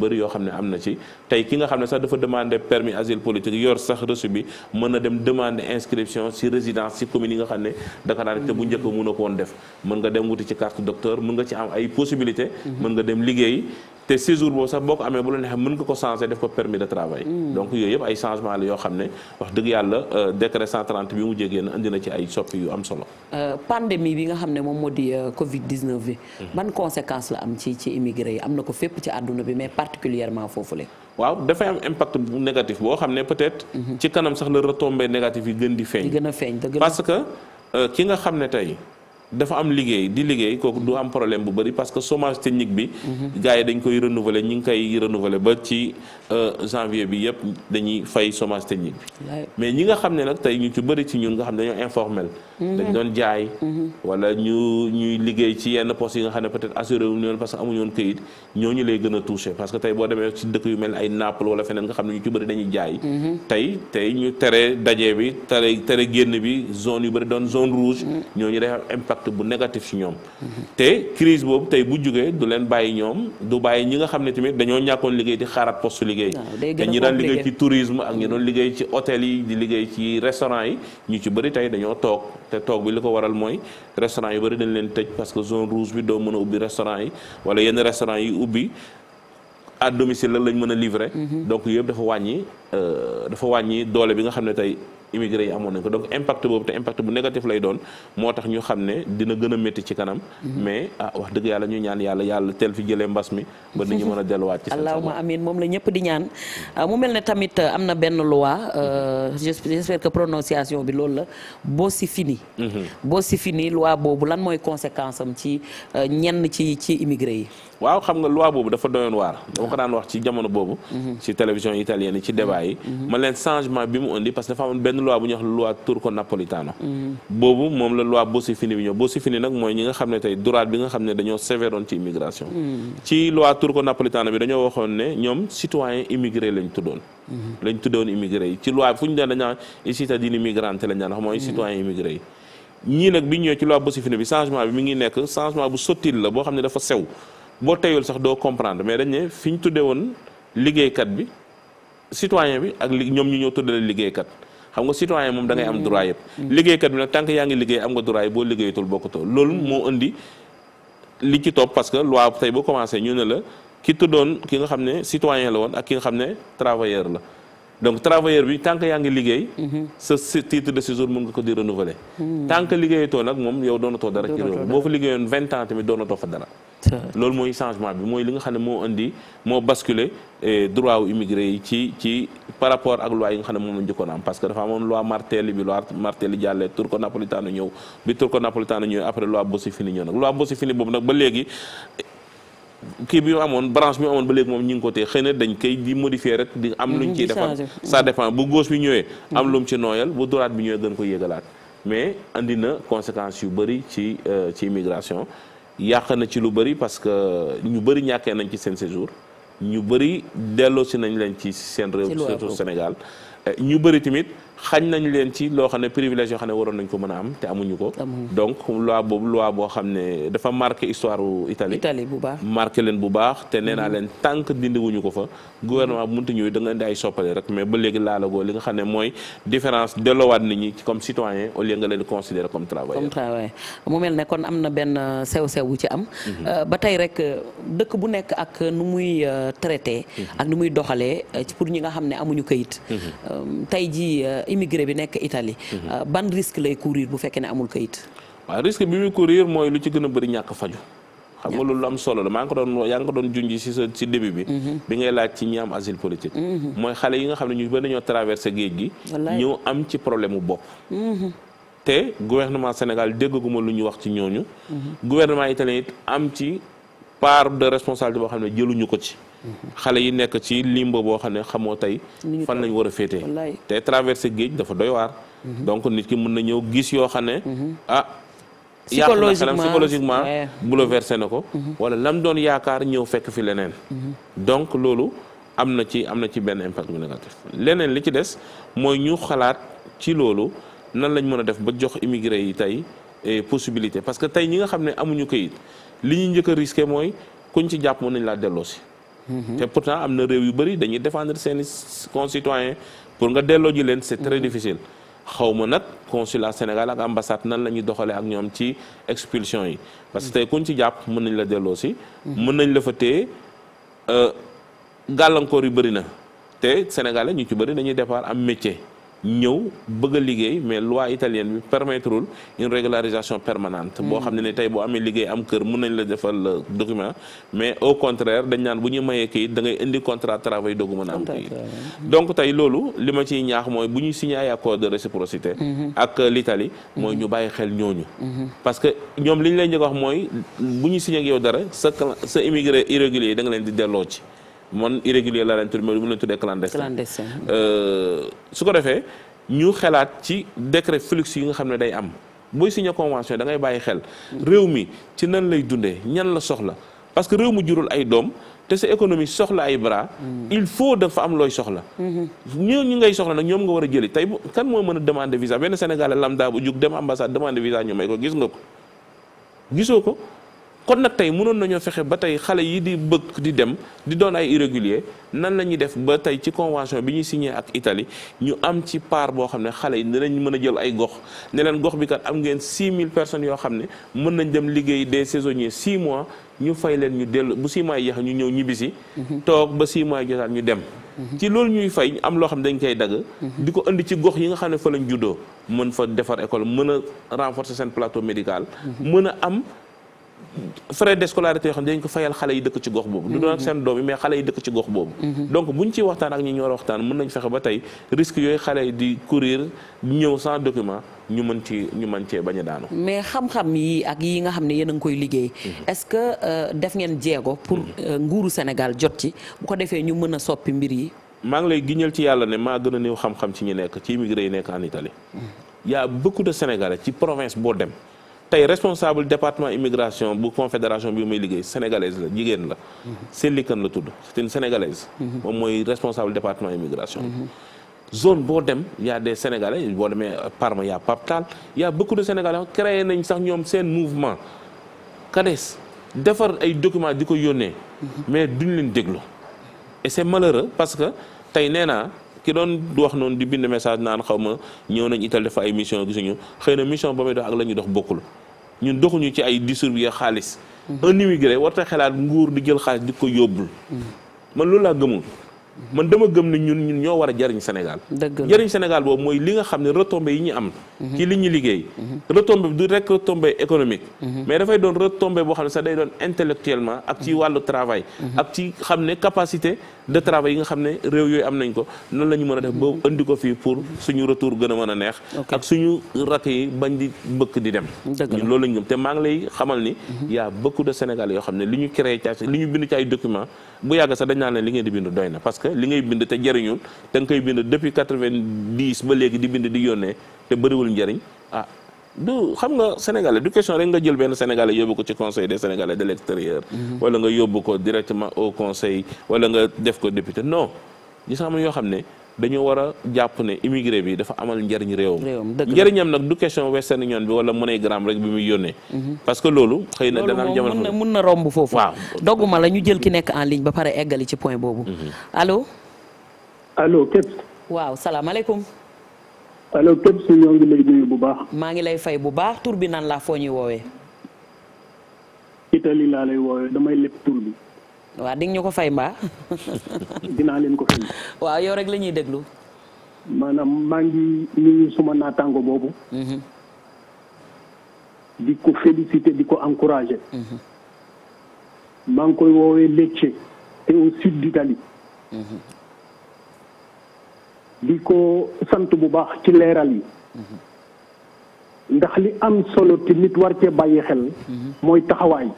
bëri yoo xam ne am na ci tey ki nga xam ne sax dafa demander permis asile politique yor sax reçu bi mën na dem demander inscription ci résidence ci commune yi nga xam ne Dakar daal te bu njëkk mën na ko woon def mën nga dem wuti ci carte docteur mën nga ci am ay possibilité mhm. mën nga dem liggéey. te séjour boobu sax boo ko amee bu la neexee mën nga ko changer def ko permis de travail. Mm. donc yooyu yëpp ay changement la yoo xam ne wax dëgg yàlla euh, décret 130 présidente bi mu jege na andi na ci ay soppi yu am solo. Euh, pandémie bi nga xam ne moom moo di euh, Covid 19 bi. Mhm. ban conséquence la am ci ci yi am na ko fépp ci àdduna bi mais particulièrement foofu la. waaw dafay am impact bu négatif boo xam ne peut-être. Mhm. ci kanam sax la retombée négative yi gën di feeñ. parce que euh, ki nga xam ne tey. dafa am liggéey di liggéey kooku du am problème bu bëri parce que chômage technique bi. Mhm. gars yi dañ koy renouveler ñu ngi koy renouveler ba ci euh, janvier bi yëpp dañuy fay chômage technique bi. mais ñi nga xam ne nag tey ñu ci bëri ci ñun nga xam ne dañoo mhm. mhm. assuré wu parce que amuñu woon këyit ñooñu lay gën a touché parce que tey boo demee ci dëkk yu mel ay Naples wala feneen nga xam ne ñu ci bëri dañuy jaay. tey tey ñu tere daje bi tere tere génn bi zone impact bu négatif ci ñoom te crise boobu tey bu jugee du leen bàyyi ñoom du bàyyi ñi nga xam ne tamit dañoo ñàkkoon liggéey di xaaraat poste liggéey te ñi daan liggéey ci tourisme ak ñi doon mm-hmm. liggéey ci hôtel yi di liggéey ci restaurant yi ñu ci bëri tey dañoo toog te toog bi li ko waral mooy restaurant yi bëri dañ leen tëj parce que zone rouge bi doo mën a ubbi restaurant yi wala yenn restaurant yi ubbi à domicile la lañ mën a livrer mm-hmm. donc yëpp dafa wàññi euh, dafa wàññi doole bi nga xam ne tey immigré yi amoon nañ ko donc impact boobu te impact bu négatif lay doon moo tax ñu xam ne dina gën a métti ci kanam mm-hmm. mais ah, wax dëgg yàlla ñu ñaan yàlla yàlla teel fi jëlee mbas mi ba nit ñi mën a delluwaat ci allahuma amin moom la ñëpp di ñaan ah, mu mel ne tamit ah, am na benn loi euh, j'espère que prononciation bi loolu la boo Bossi-Fini mm-hmm. Bossi-Fini loi boobu lan mooy conséquence am ci euh, ñenn ci ci immigré yi waaw xam nga loi boobu dafa doyoon waar dama ko ah. daan wax ci jamono boobu mhm. ci télévision italienne yi ci débat yi mhm. ma leen changement bi mu indi parce que dafa amoon benn loi bu ñuy wax loi turco napolitano mhm. boobu moom la loi Bossi-Fini bi ñëw ñi nga xam ne tey droite xam ne dañoo sévéroon ci immigration ci loi turco bi dañoo waxoon ne ñoom citoyen immigré lañ tuddoon lañ tuddoon immigré yi ci loi bi ñu daan dañaa cittadini immigrante lañ daan wax mooy citoyen immigré yi ñii bi ñëwee ci loi fini bi changement bi mi ngi nekk changement bu sottil la boo xam ne dafa sew boo teyul sax doo comprendre mais dañ ne fi ñu tuddee woon liggéeykat bi citoyen bi ak li ñoom ñu ñëw tuddale liggéeykat xam nga citoyen moom dangay am droit yëpp. Mm. liggéeykat bi nag tant yaa ngi liggéey am nga droit yi boo liggéeyatul bokkutoo loolu moo indi li ci topp parce que loi tey boo commencé ñu ne la ki tuddoon ki nga xam ne citoyen la woon ak ki nga xam ne travailleur la. donc travailleur bi tant que yaa ngi liggéey. Mhm. sa titre de séjour mën nga ko di renouveler. Hmm. tant que liggéeyatoo nag moom yow doonatoo dara. ci réew boo fa liggéeyoon vingt ans tamit doonatoo fa dara. loolu mooy changement bi mooy li nga xam ne moo indi moo basculer eh, droit wu immigré yi ci ci par rapport ak loi yi nga xam ne moom lañ parce que dafa amoon loi Martelli bi loi Martelli jàllee turco napolitano ñëw bi turco napolitano ñëw après loi Bossi fini ñëw nag kii bi ñu amoon branche bi ñu amoon ba léegi moom ñu ngi ko téye xëy na dañ koy di modifier rek di am luñ mhm, ciy defar ça mhm. dépend bu gauche bi ñëwee am mhm. lu mu ci nooyal bu droite bi ñëwee gën ko yëgalaat mais indi na conséquences yu bëri ci euh, ci immigration yàq na ci lu bëri parce que ñu bëri ñàkkee nañ ci seen séjour ñu bëri delloosi nañ leen ci seen réew Sénégal euh, ñu bëri tamit xañ nañ leen ci loo xam ne privilège yoo xam ne waroon nañ ko mën a am te amuñu ko donc loi boobu loi boo xam ne dafa marqué histoire u bu baax marqué leen bu baax te nee naa leen tant que dindiwuñu ko fa gouvernement bu mënta ñëw da nga indi ay soppale rek mais ba léegi laalagoo li nga xam ne mooy différence delloowaat nit ñi comme citoyen au lieu mu mel ne kon am na benn euh, sew-sew bu ci am mhm. euh, ba tey rek euh, dëkk bu nekk ak nu muy traité mhm. ak nu muy doxalee pour ñi nga xam ne amuñu kayit mhm. tey ji immigré bi nekk Italie. Mhm. Euh, ban risque lay courir bu fekkee ne amul kayit. waaw risque bi muy courir mooy lu ci gën a bëri ñàkk faju xam nga loolu am solo la maa ngi ko doon yaa ngi ko doon junj si sa si début bi. Mhm. bi ngay laaj ci ñi am asile politique. Mhm. mooy xale yi nga xam ne ñu bëri ñoo traversé géej gi. ñëw am ci problème mu bopp. te gouvernement Sénégal déggaguma lu ñu wax ci ñooñu. gouvernement italien it am ci part de responsabilité boo xam ne jëluñu ko ci. xale yi nekk ci limbo boo xam ne xamoo tey fan lañ war a féetee te traversé géej dafa doy waar mhm. donc nit ki mën na ñëw gis yoo xam ne mhm. ah psychologiquement psychologiquement bouleversé na ko mhm. wala lam doon yaakaar ñëw fekk fi leneen donc loolu am na ci am na ci benn impact bu négatif leneen li ci des mooy ñu xalaat ci loolu nan lañ mën a def ba jox immigré yi tey eh, possibilité parce que tey ñi nga xam ne amuñu kayit li ñu njëkk a mooy kuñ ci jàpp mën nañ laa delloosi Mm-hmm. te pourtant am na réew yu bëri dañuy defendre seen i concitoyens pour nga delloo ji leen c'est très mm-hmm. difficile xaw ma nag consulat Sénégal ak ambassade nan la ñuy doxalee ak ñoom ci expulsion yi. parce que tey kuñ ci jàpp mën nañ la delloo si. Mm-hmm. mën nañ la fa téye euh, gàllankoor yu bëri na te sénégalais ñu ci bëri dañuy départ am métier. ñëw bëgg a liggéey mais loi italienne bi permettrewul une régularisation permanente. boo xam ne ne tey boo amee liggéey am kër mun nañ la defal euh, document mais au contraire dañ naan bu ñu mayee kayit da ngay indi contrat travail doogu mën a am kayit. donc tey loolu li ma ciy ñaax mooy bu ñu signé ay accord de réciprocité. Mhm. ak euh, l'Italie mooy ñu mhm. bàyyi xel ñooñu. Mhm. parce que ñoom li ñu lay njëkk wax mooy bu ñu signé dara sa sa immigré irrégulier da nga leen di delloo ci. man irrégulier laa leen tudd mais du mu leen tuddee de clandestin euh, su ko defee ñu xalaat ci décret flux yi nga xam ne day am booy signé convention dangay bàyyi xel. réew mi ci nan lay dundee ñan la soxla parce que réew mu jurul ay doom. te sa économie soxla ay bras. Mm. il faut dafa am looy soxla. Mm-hmm. ñu ngay soxla nag ñoom nga war a jëli tey kan moo mën a demander visa benn Sénégalais lambda bu jug dem ambassade demander visa ñu may ko gis nga ko gisoo ko. kon nag tey mënoon nañoo fexe ba tey xale yi di bëgg di dem di doon ay irrégulier nan la ñuy def ba tey ci convention bi ñuy signé ak itali ñu am ci part boo xam ne xale yi dinañ mën a jël ay gox ne leen gox bi kat am ngeen mille personnes yoo xam ne mën nañ dem liggéey des saisonniers 6 mois ñu fay leen ñu dellu bu 6 mois yi yéex ñu ñëw ñibbisi. Mhm. toog ba 6 mois yi jotaat ñu dem. Mhm. ci loolu ñuy fay am loo xam ne dañ koy dagg. Mhm. di ko indi ci gox yi nga xam ne fa lañ juddoo mën fa defar mën a renforcer seen plateau médical. mën a am. frais de scolarité yoo xam ne dañ ko fayal xale yi dëkk ci gox boobu du doon seen doom yi mais xale yi dëkk ci gox boobu mhm. donc buñ ciy waxtaan ak ñi ñu a waxtaan mën nañ fexe ba tey risque yooyu xale yi di courir ñëw san document ñu mën ci ñu mën cee bañ a daanu mais xam-xam yi ak yi nga xam ne yéen a ngi koy liggéey mhm. est-ce que euh, def ngeen jéego pour mhm. euh, nguuru Sénégal jot ci bu ko defee ñu mën a soppi mbir yi maa ngi lay giñal ci yàlla ne maa gën a néew xam-xam ci ñi nekk ci immigré yi nekk en Italie y a beaucoup de Sénégalais ci province boo dem tey responsable département immigration bu confédération bi muy liggéey sénégalaise la jigéen la. seen Sely Kane la tudd c'est une sénégalaise. moom mooy responsable département immigration. zone boo dem y a des boo demee par y a Pape Tall y a nañ sax ñoom seen mouvement CADES defar ay document di ko yónnee. mais ñu leen déglu. et c'est malheureux parce que tey nee naa ki doon wax noonu di bind message naan xaw ma ñëw nañ ital def ay mission gisuñu xëy na mission ba muy ak la ñuy dox bokkul. ñun doxuñu ci ay distribuer xaalis. un immigré war ta xelaat nguur di jël xaalis di ko yóbbul. man loolu laa gëmul. man dama gëm ne ñun ñun ñoo war a jariñ Sénégal. dëgg jariñ Sénégal boobu mooy li nga xam ne retombé yi ñu am. Mhm. ci li ñu liggéey. Mhm. retombé du rek retombé économique. Mhm. mais dafay doon retombé boo xam ne sax day doon intellectuellement ak ci wàllu travail. ak ci xam ne capacité. de travail yi nga xam ne réew yooyu am nañ ko noonu la ñu mën a def ba mhm. indi ko fii pour suñu retour gën a mën a neex ak suñu rakk yi bañ di bëkk di dem ñun loolu lañ gëm te maa ngi lay xamal ni mhm. y a beaucoup de Sénégalais yoo xam ne li ñu créé ci li ñu bind ci ay document bu yàgg sax dañ naan leen li ngeen di bind doy na parce que li ngay bind te jëriñul da nga koy bind depuis quatre-vingt-dix ba léegi di bind di yónnee te bëriwul njariñ ah du xam nga sénégalais du question rek nga jël benn sénégalais yóbbu ko ci conseil des sénégalais de l'extérieur mhm. wala nga yóbbu ko directement au conseil wala nga def ko député non gis nga am yoo xam ne dañoo war a jàpp ne immigré bi dafa amal njariñ réewam njariñam nag du question Western Union bi wala MoneyGram rek bi muy yónnee mhm. parce que loolu xëy na dana am jamono mun na romb foofu waaw dogguma la ñu jël ki nekk en ligne ba pare eggali ci point boobu allo mhm. allo képp waaw salaamaaleykum allo képp si ñoo ngi lay nuyu bu baax. maa ngi lay fay bu baax tur bi nan laa foo ñuy woowee. Italie laa lay woowee damay lépp tur waa waaw ñu ko fay mbaa. dinaa leen ko fay. waaw yow rek lañuy déglu. maanaam maa ngi nuyu suma naataango boobu. Mhm. di ko félicité di ko encouragé. Mhm. maa ngi koy woowee Lecce te au sud d'Italie. Mhm. di ko sant bu baax ci leeral yi ndax li am solo te nit war cee bàyyi xel mooy taxawaay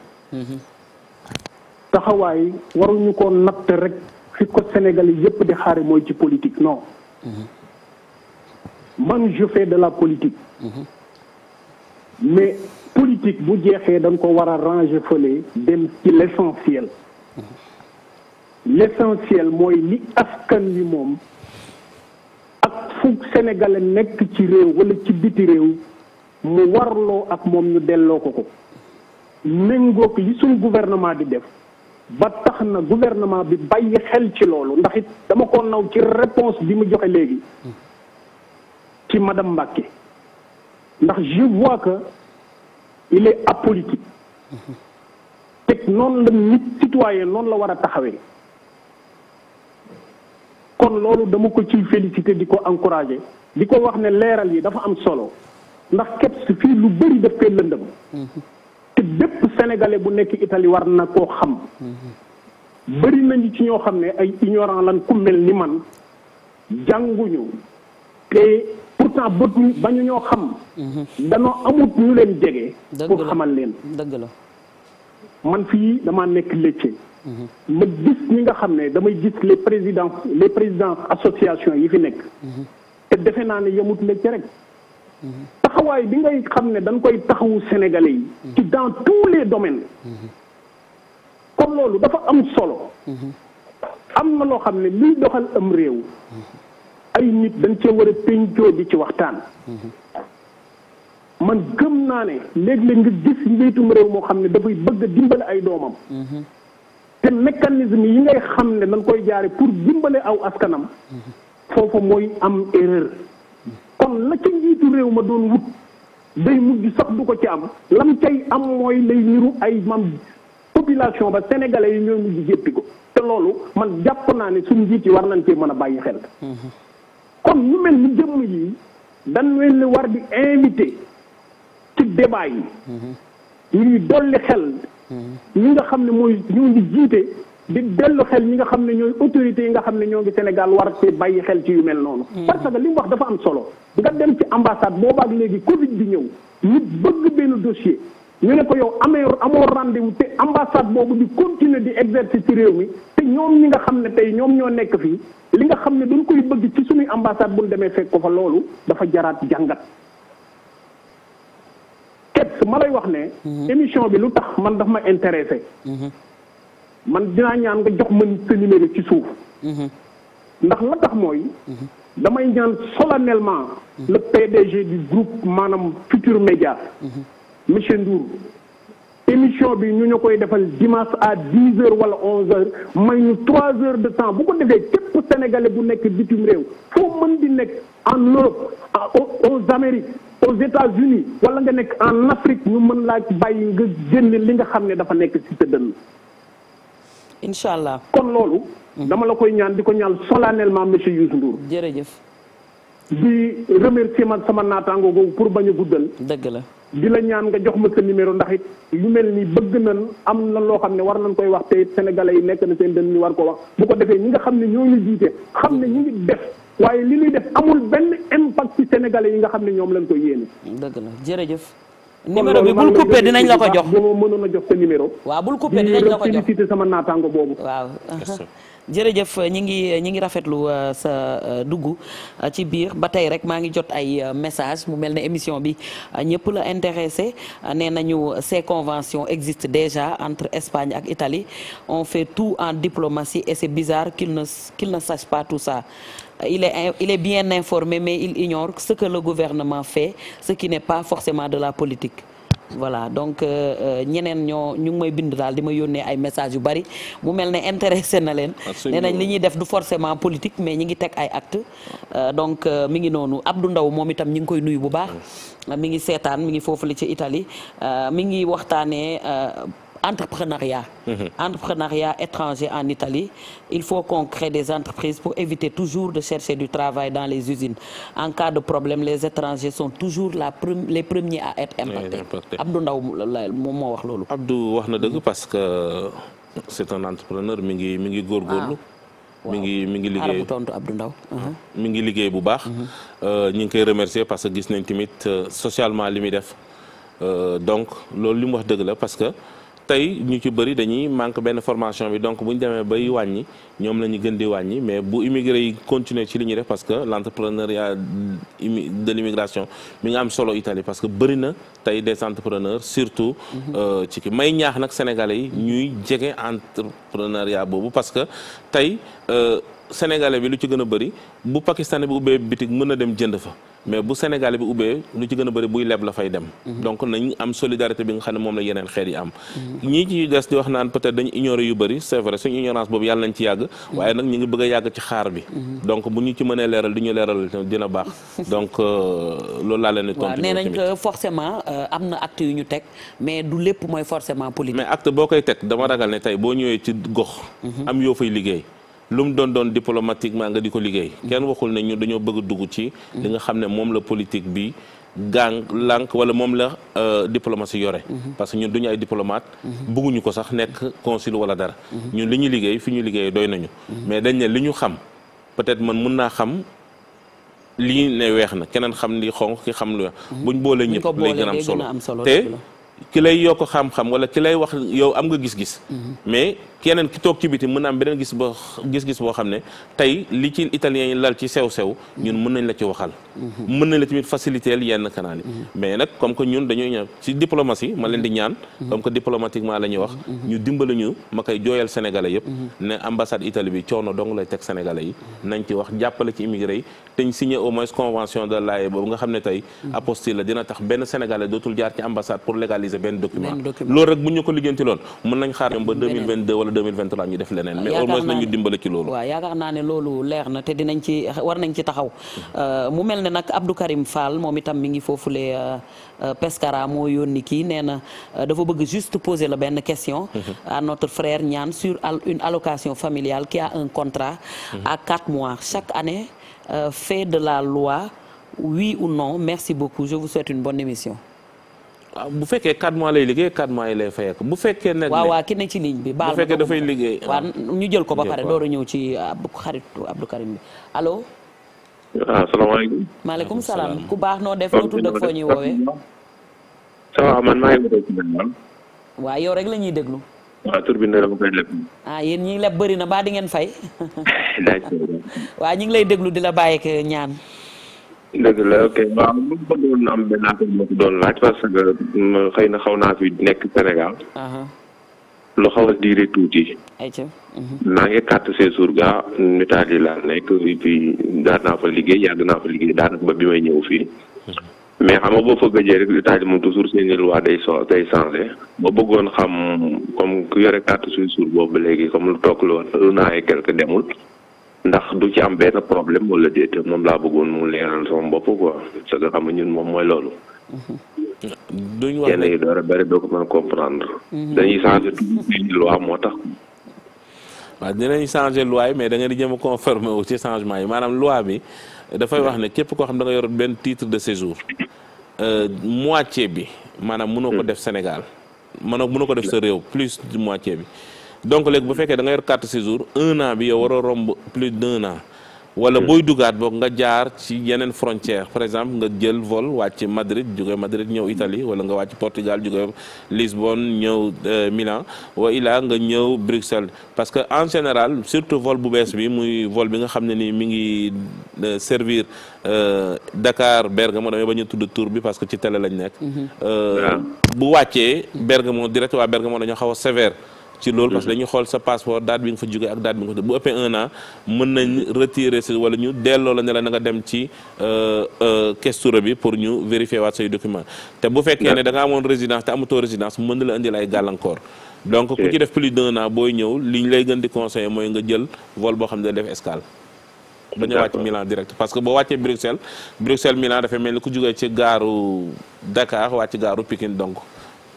taxawaay waruñu ko natt rek fi ko Sénégal yépp di xaare mooy ci politique non man je fais de la politique mais politique bu jeexee dañ ko war a ranger fële dem ci l'essentiel l'essentiel mooy li askan wi moom fu sénégalais nekk ci réew wala ci biti réew mu warloo ak moom ñu delloo ko ko méngoog li suñ gouvernement di def ba tax na gouvernement bi bàyyi xel ci loolu ndax it dama ko naw ci réponse bi mu joxe léegi ci madame Mbacke ndax je vois que il est apolitique mm-hmm. teg noonu la nit citoyen noonu la war a taxawee kon loolu dama ko ciy félicité di ko encouragé di ko wax ne leeral yi dafa am solo ndax keps fii lu bari daf koy lëndëm te bépp sénégalais bu nekk Italie war na koo xam bari nañu ci ñoo xam ne ay ignorant lan ku mel ni man jànguñu te pourtant bëgguñu bañu ñoo xam danoo amut ñu leen jege pour xamal leen dëgg la man fii damaa nekk lécce ma gis ñi nga xam ne damay gis les présidents les président association yi fi nekk te defe naa ne yemut la ci rek taxawaay bi ngay xam ne dañ koy taxawu sénégalais yi ci dans tous les domaines kon loolu dafa am solo am na loo xam ne liy doxal am réew ay nit dañ cee war a péncoo di ci waxtaan man gëm naa ne léeg-léeg nga gis njiitum réew moo xam ne dafay bëgg a dimbale ay doomam te mécanisme yi ngay xam ne dañ koy jaare pour dimbale aw askanam foofa mooy am erreur kon la ca njiitu réew ma doon wut day mujj sax du ko ci am lam cay am mooy lay niru ay mam population ba sénégalais yi ñooy mujj jéppi ko te loolu man jàpp naa ne suñu njiit yi war nañ cee mën a bàyyi xel kon ñu mel ni jëmm yi dañ leen war di invité ci débat yi ñuy mhm. dolli xel ñi nga xam ne mooy ñoo ngi jiite di dellu xel ñi nga xam ne ñooy autorités yi nga xam ne ñoo ngi Sénégal war ci bàyyi xel ci yu mel noonu. Hmm. parce que li mu wax dafa am solo. nga dem ci ambassade boobaak léegi Covid bi ñëw nit bëgg benn dossier ñu ne ko yow amee amoo rendez-vous te ambassade boobu di continuer di exercer ci réew mi te ñoom ñi nga xam ne tey ñoom ñoo nekk fii li nga xam ne duñ koy bëgg ci suñuy ambassade bu ñu demee fekk ko fa loolu dafa jaraat jàngat. ket ma lay wax ne. Mhm. émission bi lu tax man daf ma intéressé. Mhm. man dinaa ñaan nga jox man sa numéro ci suuf. Mhm. ndax la tax mooy. damay ñaan solennellement le PDG du groupe maanaam Futur Média. monsieur Ndour émission bi ñu ñu koy defal dimanche à dix heures wala onze heures may ñu trois heures de temps bu ko defee képp sénégalais bu nekk bitim réew foo mën di nekk en Europe aux Amériques aux États-Unis wala nga nekk en Afrique ñu mën laa bàyyi nga génne li nga xam ne dafa nekk ci sa dënn. allah kon loolu. dama la koy ñaan di ko ñaan solennellement monsieur Youssou Ndour. jërëjëf. di remercier man sama naataango googu pour bañ a guddal. dëgg la. di la ñaan nga jox ma sa numéro ndax it lu mel nii bëgg nañ am na loo xam ne war lañ koy wax te sénégalais yi nekk na seen dënn ñu war ko wax bu ko defee ñi nga xam ne ñoo ñu jiite xam ne ñu ngi def. waaye li luy def amul benn impact ci sénégalais yi nga xam ne ñoom lañ ko yéene. dëgg la jërëjëf. numéro bi bul coupé dinañ la ko jox kon loolu maa ngi lay jox waaw bul coupé dinañ la ko jox félicité sama naataango boobu. waaw. jërëjëf ñi ngi ñi ngi rafetlu euh, sa euh, dugg euh, ci biir ba tey rek maa ngi jot ay message mu mel ne émission bi ñëpp la intéressé nee nañu ces conventions existent déjà entre Espagne ak Italie on fait tout en diplomatie et c'est bizarre qu'il ne sache pas tout ça il est il est bien informé mais il ignore ce que le gouvernement fait ce qui n'est pas forcément de la politique voilà donc euh, euh, ñeneen ñoo ñu ngi may bind daal di may yónnee ay messages yu bari mu mel ne intéressé na leen nee li ñuy def du forcément politique mais ñi ngi teg ay actes euh, donc mi ngi noonu Abdou Ndaw moom itam ñi ngi koy nuyu bu baax mi ngi seetaan mi ngi foofu la ci Italie mi ngi waxtaanee entrepreneuriat. Mhm. entrepreneuriat étranger en Italie il faut qu'on des entreprises pour éviter toujours de chercher du travail dans les usines en cas de problème les étrangers sont toujours la les premiers à être impactés. Abdou Ndaw moom moo wax loolu. Abdou wax na dëgg parce que c'est un entrepreneur mi ngi mi ngi góorgóorlu. Ah. mi ngi mi ngi liggéey tontu Abdou Ndaw uh-huh. mi ngi liggéey bu baax. Mhm. Euh, ñu ngi koy remercier parce que gis nañ tamit euh, socialement li muy def euh, donc loolu li wax dëgg la parce que. tey ñu ci bëri dañuy manque benn formation bi donc bu ñu demee bay wàññi ñoom la ñu gën di wàññi mais bu immigré yi continuer ci li ñuy def parce que l' entrepreneuriat de l' mi nga am solo Italie parce que bëri na tey des entrepreneurs surtout. Mhm. Euh, ci ki may ñaax nag sénégalais yi ñuy jege entrepreneuriat boobu parce que tey euh, sénégalais bi lu ci gën a bëri bu pakistanais bi ubbee bitik mën na dem jënd fa. mais bu Sénégal bi ubbee lu ci gën a bëri buy leb la fay dem. Mhm. donc nañ am solidarité bi nga xam ne moom la yeneen xeet yi am. Mhm. ñi ci des di wax naan peut-être dañu ignorer yu bëri c'est vrai suñu ignorance boobu yàlla nañ ci yàgg. Mhm. waaye nag ñu ngi bëgg a yàgg ci xaar bi. donc bu ñu ci mënee leeral di ñu leeral dina baax. donc euh, loolu laa leen di. tontu nee nañ que euh, am na acte yu ñu teg mais du lépp mooy forcement politique. mais acte boo koy teg dama ragal ne tey boo ñëwee ci gox. am yoo fay liggéey. lu doon doon diplomatiquement nga di ko liggéey. kenn waxul ne ñu dañoo bëgg dugg ci. li nga xam ne moom la politique bi gàng lànk wala moom la euh, diplomatie yore. Mhm. parce que ñun duñu ay diplomate. Mhm. bëgguñu ko sax nekk consul wala dara. Mhm. ñun li ñu liggéey fi ñu liggéey doy nañu. mais dañ ne li ñu xam peut-être man mun naa xam. lii ne weex na keneen xam li xonq ki xam lu weex buñ boole ñëpp lay gën a am solo te ki lay yokk xam-xam wala ki lay wax yow am nga gis-gis. mais keneen ki toog ci biti mën na am beneen gis boo gis-gis boo xam ne tey li ci italiens yi lal ci sew-sew. ñun mën nañ la ci waxal. mën nañ la tamit faciliter yenn canal yi. mais nag comme que ñun dañuy ñëw ci diplomatie ma leen di ñaan. comme que diplomatiquement la ñuy wax. ñu dimbali ñu ma koy jooyal sénégalais yëpp. ne ambassade Italie bi coono dong lay teg sénégalais yi. nañ ci wax jàppale ci immigré yi te ñu signé au moins convention de La boobu nga xam ne tey. apostille la dina tax benn sénégalais dootul réaliser benn document loolu rek bu ñu ko liggéeyanti loon mën nañ xaar ñoom ba wala ñu def leneen mais au moins nañu dimbale loolu waaw yaakaar naa ne loolu leer na te dinañ ci war nañ ci taxaw euh, mu mel ne nag Abdou Karim Fall moom itam mi ngi foofu foofule euh, Pescara moo yónni kii nee na euh, dafa bëgg juste poser benn question mhm. à notre frère Niane sur une allocation familiale qui a un contrat mhm. à quatre mois chaque année fait de la loi oui ou non merci beaucoup je vous waaw ah, bu fekkee 4 lay liggéey 4 mois yi lay fayeeku bu fekkee. ne waaw waaw ki ne ci ligne bi. baal bu fekkee liggéey. Ah. waaw ñu jël ko ba pare door a ñëw ci ah, xaritu Abdou Karim bi allo. asalaamaaleykum. maaleykum salaam ku baax noo def noo tudd ak foo ñuy woowee. ça va man maa ngi waaw yow rek la ñuy déglu. waaw ngi leb bëri na ba di ngeen fay. ñu ngi lay déglu di la bàyyeek ñaan. dëgg la ok waaw moom ko doon laaj parce que mm, xëy na xaw naa fi nekk Sénégal. Uh-huh. lu xaw a diire tuuti. Uh-huh. maa ngi carte séjour ga Italie laa nekk et puis daan naa fa liggéey yàgg naa fa liggéey daanaka ba bi ñëw fii. Uh-huh. mais xam nga boo fa gëjee rek Italie moom toujours seen i loi day so day changé ba bëggoon xam comme ku yore carte séjour boobu léegi comme lu toog lu woon un quelque demul. ndax du ci am benn problème wala déet moom laa bëggoon mu leeral sama bopp ko parce que xam nga ñun moom mooy loolu. Mm-hmm. duñ wax yenn yi a comprendre. Mm-hmm. dañuy loi moo tax. waaw dinañ changer loi mais da ngeen di jëm a conformer wu ci changement yi maanaam loi bi dafay wax ne képp koo xam da nga yor benn titre de séjour euh, moitié bi maanaam mënoo ko mm. def Sénégal mënoo mënoo ko def sa réew plus moitié bi. donc léegi bu fekkee da nga yor carte séjour un an bi yow war a romb plus d'un an wala booy dugaat boog nga jaar ci yeneen frontière par exemple nga jël vol wàcc Madrid jóge Madrid ñëw Italie wala nga wàcc Portugal jóge Lisbonne ñëw euh, Milan wa ilaa nga ñëw Bruxelles parce que en général surtout vol bu bees bi muy vol bi nga xam ne ni mi ngi euh, servir euh, Dakar Bergamo damay ba ñu tudd tour bi parce que ci tele lañu nekk mhm. bu wàccee Bergamo direct waa Bergamo dañoo xaw a sévère ci loolu parce que mhm. dañuy xool sa passeport date bi nga fa jógee ak date bi nga fa bu ëppee un an mën nañ retirer si wala ñu delloo la ne la na nga dem ci questura euh, euh, bi pour ñu vérifier waat say document te bu fekkee ne da nga amoon résidence te amatoo résidence mën na la indil ay gàllankoor donc ku ci def plus d'un an booy ñëw li ñu lay gën di conseiller mooy nga jël vol boo xam ne def escale dañu wàcc Milan direct parce que boo wàccee Bruxelles Bruxelles Milan dafay mel ni ku jógee ci gaaru Dakar wàcc gaaru Pikine donc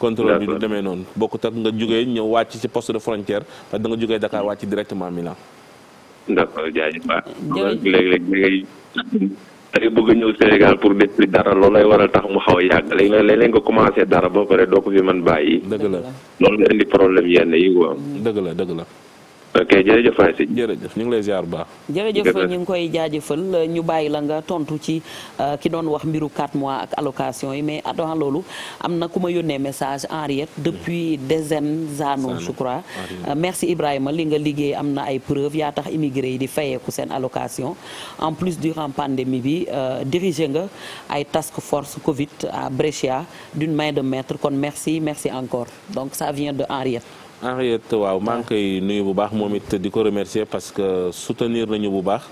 contrôle bi du demee noonu bokkut ak nga jógee ñëw wàcc ci poste de frontière parce que da nga jógee Dakar wàcc directement Milan d'accord jaajëf baax léeg-léeg léegi dangay bëgg Sénégal pour def dara loolu lay waral tax mu xaw a yàgg léegi nag léeg-léeg nga commencé dara boo pare doo ko fi mën bàyyi. dëgg la loolu indi problème yenn yi quoi. dëgg la dëgg la. ok jërëjëf ñu ngi lay ziar bu jërëjëf ñu ngi koy jaajëfal ñu bàyyi la nga tontu ci euh, ki doon wax mbiru quatre mois ak allocation yi mais avant loolu am na ku ma yónnee message Henriette depuis mm. des années je crois. Euh, merci Ibrahima li nga liggéey am na ay preuves yaa tax immigré yi di fayeeku seen allocation en plus durant pandémie bi euh, dirigé nga ay task force Covid à Brescia d'une main de maître kon merci merci encore donc ça vient de Henriette. en Henriette waaw maa ngi koy nuyu bu baax moom it di ko remercier parce que soutenir nañu bu baax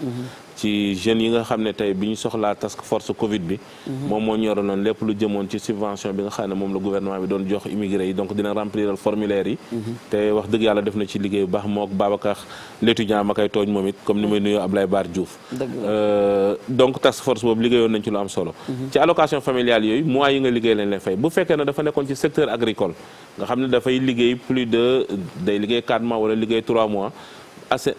ci jeunes yi nga xam ne tey bi ñu soxlaa task force Covid bi. Mhm. moom moo ñoraloon lépp lu jëmoon ci subvention bi nga xam ne moom la gouvernement bi doon jox immigré yi donc dina remplir formulaire yi. Mhm. te wax dëgg yàlla def na ci liggéey bu baax mook Babacar l'étudiant ma koy tooñ moom it comme ni may nuyoo Ablaye Bar Diouf. Euh, donc task force boobu liggéeyoon nañ ci lu am solo. Mhm. ci allocation familiale yooyu mois yi nga liggéey lañ leen fay bu fekkee ne dafa nekkoon ci secteur agricole nga xam ne dafay liggéey wala liggéey 3 mois.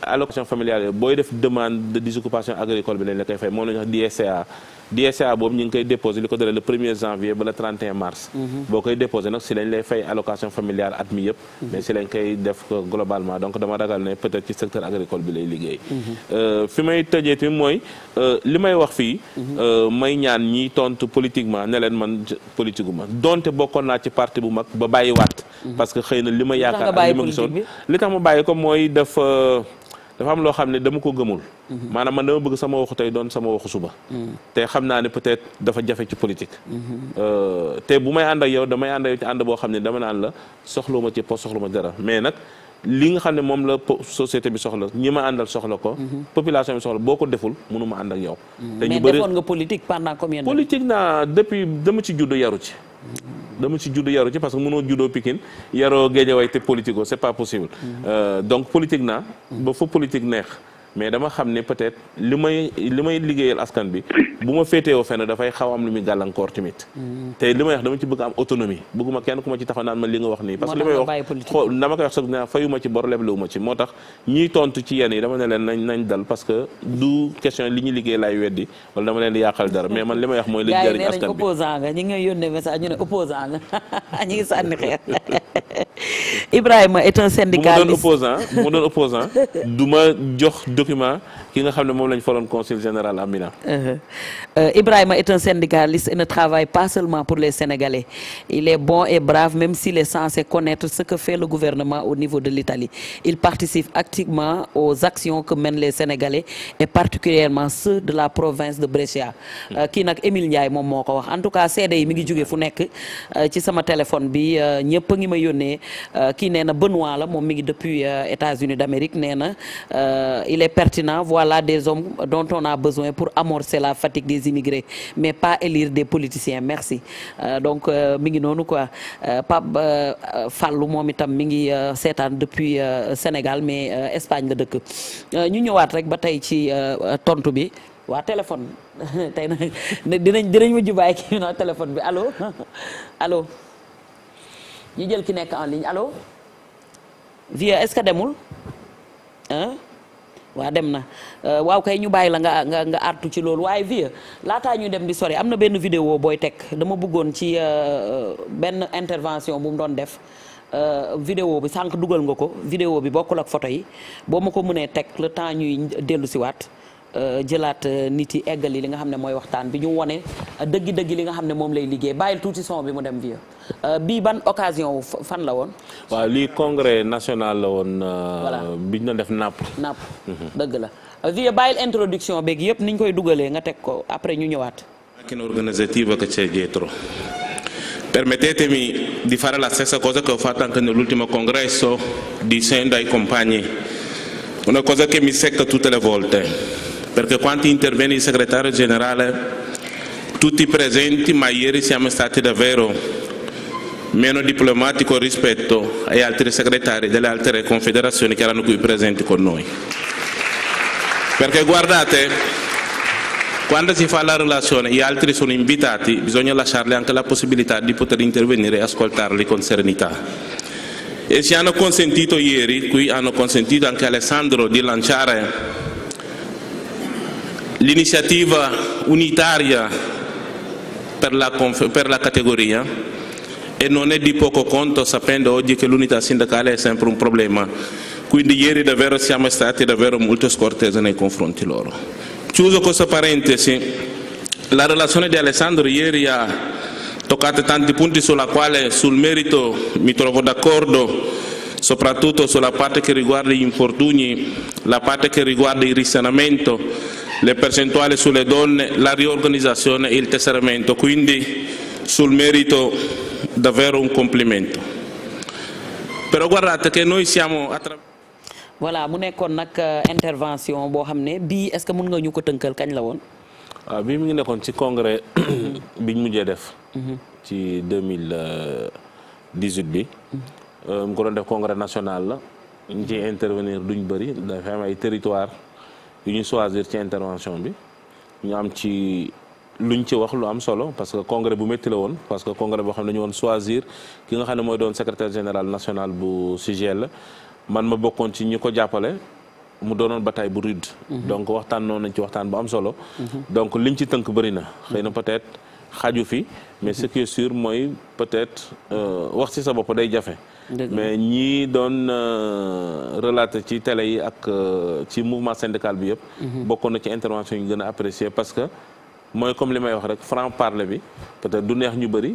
allocation familiale booy def demande de disoccupation agricole bi lañ la koy fay moom la ñuy wax DSCA DSA boobu ñu ngi koy déposé li ko dalee le premier janvier ba le 31 mars. Mhm. boo koy déposé nag si lañ lay fay allocation familiale at mi yëpp. Mhm. mais si lañ koy def globalement donc dama ragal ne peut ci secteur agricole bi lay liggéey. Mhm. Euh, fi may tëjee tamit mooy euh, li may wax fii. Euh, may ñaan ñi tontu politiquement ne leen man politique gu ma donte bokkoon naa ci parti bu mag ba bàyyi waat. parce que xëy na li ma yaakaar ak li ma gisoon li tax ma bàyyi dafa am loo xam ne dama ko gëmul. maanaam man dama bëgg sama waxu tey doon sama waxu suba. te xam naa ne peut-être dafa jafe ci politique. Euh, te bu may ànd ak yow damay ànd ak yow ci ànd boo xam ne dama naan la soxlu ma ci poste soxlu ma dara mais nag li nga xam ne moom la société bi soxla ñi ma àndal soxla ko. population bi soxla boo ko deful mënu ma ànd ak yow. te ñu bëri mais defoon nga politique pendant combien de temps. politique naa depuis dama ci juddu yaru ci. dama ci juddu yaru ci parce que mënoo juddoo Pikine yaroo Guédiawaye te politique c'est pas possible mm-hmm. euh, donc politique naa ba fa politique neex mais dama xam ne peut-être li may li may liggéeyal askan bi bu ma féetewoo fenn dafay xaw am lu muy gàllankoor tamit mm-hmm. te li may dama ci bëgg am autonomie bëgguma kenn ku ma ci taxaw naan ma li nga wax nii parce que li may wax dama koy wax sax tontu ci yenn yi dama ne leen nañ nañ dal parce que du question li ñu liggéey laay weddi wala dama leen di yàqal dara mais man li may wax mooy li jëriñ askan bi opposant nga ñi ngi yónnee message ñu ne opposant nga ñi ngi sànni xeer Ibrahima est un syndicaliste mu doon opposant mu ma jox document ki nga xam ne moom lañ faloon consul général à Milan. Uh-huh. Uh, Ibrahima est un syndicaliste et ne travaille pas seulement pour les Sénégalais il est bon et brave même s'il est censé connaître ce que fait le gouvernement au niveau de l'Italie il participe activement aux actions que mènent les Sénégalais et particulièrement ceux de la province de Brescia. Hmm. Uh, kii nag Émile Ndiaye moom moo ko wax en tout cas seede yi mi ngi jóge fu nekk uh, ci sama téléphone bi ñëpp a ngi ma pertinent voilà des hommes dont on a besoin pour amorcer la fatigue des immigrés mais pas élire des politiciens merci euh, donc euh, mi ngi noonu quoi euh, Pape Fallou moom itam mi ngi seetaan depuis Sénégal mais Espagne la dëkk ñu ñëwaat rek ba tey ci tontu bi waa téléphone tey nag dinañ dinañ mujj bàyyi kii na téléphone bi allo allo ñu jël ki nekk en ligne allo. vieux est-ce que demul waa dem na euh, waaw kay ñu bàyyi la nga nga nga artu ci loolu waaye vie laataa ñu dem di sori am na benn video booy teg dama buggoon ci euh, benn intervention bu mu doon def euh, vidéo bi sànq dugal nga ko vidéo bi bokkul ak photo yi boo ma ko mënee teg le temps ñuy dellu siwaat Euh, jëlaat euh, nit yi eggali li nga xam ne mooy waxtaan bi ñu wone euh, dëgg-dëgg li nga xam ne moom lay liggéey bàyyil tuuti son bi mu dem vieux bii ban occasion fan la woon. waaw lii congrès national la woon. voilà bi ñu def napp. napp mhm. dëgg la vieux bàyyil introduction beeg yëpp ni koy dugalee nga teg ko après ñu ñëwaat. macchina organizzativa che c'è dietro. Permettetemi di fare la stessa cosa che ho fatto anche nell'ultimo congresso dicendo ai compagni una cosa che mi secca tutte le perché quando interviene il segretario generale tutti presenti, ma ieri siamo stati davvero meno diplomatico rispetto agli altri segretari delle altre confederazioni che erano qui presenti con noi. Perché guardate, quando si fa la relazione, gli altri sono invitati, bisogna lasciarli anche la possibilità di poter intervenire e ascoltarli con serenità. E ci hanno consentito ieri, qui hanno consentito anche a Alessandro di lanciare l'iniziativa unitaria per la, per la categoria e non è di poco conto sapendo oggi che l'unità sindacale è sempre un problema. Quindi ieri davvero siamo stati davvero molto scortesi nei confronti loro. Chiuso questa parentesi, la relazione di Alessandro ieri ha toccato tanti punti sulla quale sul merito mi trovo d'accordo, soprattutto sulla parte che riguarda gli infortuni, la parte che riguarda il risanamento, le percentuali sulle donne, la riorganizzazione e il tesseramento, quindi sul de davvero un complimento. Però guardate che noi siamo attraverso voilà mu nekkoon nag eh, intervention boo xam ne bii est-ce que mën nga ñu ko tënkal kañ la woon. waaw ah, bii mi ngi nekkoon ci congrès biñ mujjee def. Mhm. ci deux mille dix-huit bi. Mhm. Euh, mu ko def congrès national la. ñu ciy intervenir duñ bëri dafa am ay territoire yu ñu choisir ci intervention bi ñu am ci luñ ci wax lu am solo parce que congrès bu métti la woon parce que congrès boo xam ne dañu woon choisir ki nga xam ne mooy doon secrétaire général national bu CGL man ma bokkoon ci ñu ko jàppale mu doonoon bataille bu rude mhm. donc waxtaan noonu nañ ci waxtaan bu am solo mhm. donc liñ ci tënk bëri na xëy na peut-être xaju fi mais ce qui mooy peut-être euh, wax ci sa bopp day jafe mais ñii doon euh, relate ci télé yi ak euh, ci mouvement syndical bi yëpp. Mhm. bokkoon na ci intervention yu gën a apprécié parce que mooy comme li may wax rek franc parler bi peut-être du neex ñu bëri.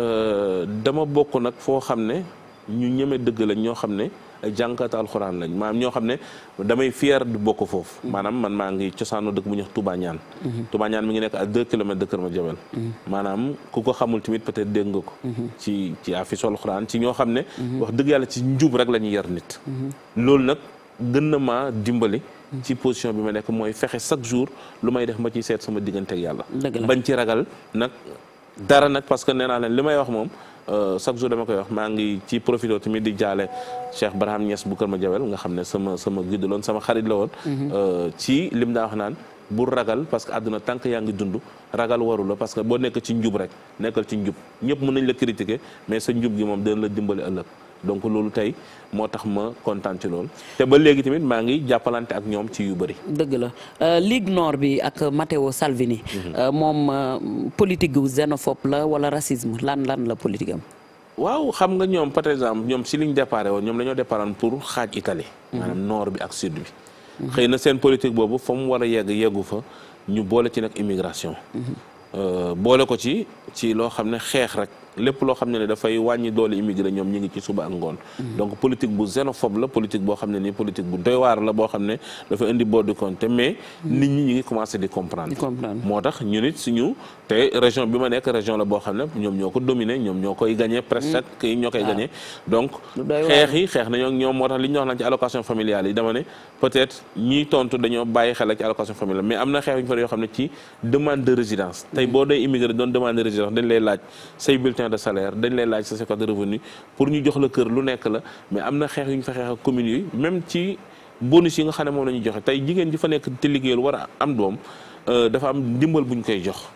Euh, dama bokk nag foo xam ne ñu ñeme dëgg lañ ñoo xam ne jànkata alxuraan lañ maam ñoo xam ne damay fier di bokk foofu mm-hmm. maanaam man maa ngi cosaanoo dëgg bu ñuy wax Touba Niane mm-hmm. Touba ngi nekk à deux kilomètres de Kër Madiabel mm-hmm. maanaam ku ko xamul tamit peut-être dégg nga ko ci ci affiche alxuraan ci ñoo xam ne wax dëgg yàlla ci njub rek la ñuy yar nit loolu nag gën na ma dimbali ci position bi ma nekk mooy fexe chaque jour lu may def ma ciy seet sama diggante yàlla bañ ci ragal dara nag parce que nee leen li may wax moom euh, chaque jour dama koy wax maa ngi ci profité tamit di jaale Cheikh Barham Niass bu Kër ma jawel nga xam ne sama sama guide loon sama xarit la woon. Mhm. Euh, ci lim daa wax naan bu ragal parce que àdduna tànk yaa ngi dund ragal waru la parce que boo nekk ci njub rek nekkal ci njub ñëpp mën nañ la critiquer mais sa njub gi moom dina la dimbali ëllëg. donc loolu tey moo tax ma kontaan ci loolu te ba léegi tamit maa ngi jàppalante ak ñoom ci yu bëri. dëgg la euh, Ligue Nord bi ak Matteo Salvini. Mhm. Euh, moom euh, politique gu xénophobe la wala racisme lan lan la politique am. waaw xam nga ñoom par exemple ñoom si liñ déparé woon ñoom dañoo déparé woon pour xaaj Italie. Mhm. maanaam bi ak sud bi. Mhm. xëy na seen politique boobu fa mu war a yegg yeggu fa ñu boole ci nag immigration. boole ko ci ci loo xam ne xeex rek. lépp loo xam ne dafay wàññi doole immigré ñoom ñi ngi ci suba ak ngoon mm-hmm. donc politique bu xénophobe la politique boo xam ne nii politique bu doy waar la boo xam ne dafa indi bord du compte mais mm-hmm. nit ñi ñi ngi di comprendre moo tax ñu nit suñu te région bi ma nekk région la boo xam ne ñoom ñoo ko dominé ñoom ñoo koy gagné presque mm-hmm. kii ñoo koy ah. gagné donc xeex yi xeex nañoo ñoom moo tax li ñu wax naan ci allocation familiale yi dama ne peut-être ñiy tontu dañoo bàyyi bulletin de salaire dañ lay laaj sa certificat de revenu pour ñu jox la kër lu nekk la mais am na xeex yu ñu fa xeex ak communes yi même ci bonus yi nga xam ne moom la joxe tey jigéen ji fa nekk te liggéeyal war a am doom euh, dafa am ndimbal bu ñu koy jox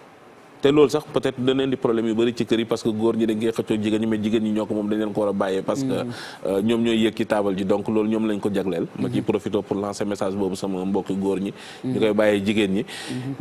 te loolu sax peut-être dana indi problème yu bëri ci kër yi parce que góor ñi dañ koy xëccoo jigéen ñi mais jigéen ñi ñoo ko moom dañ leen ko war a bàyyee parce que mm. euh, ñoom ne mm-hmm.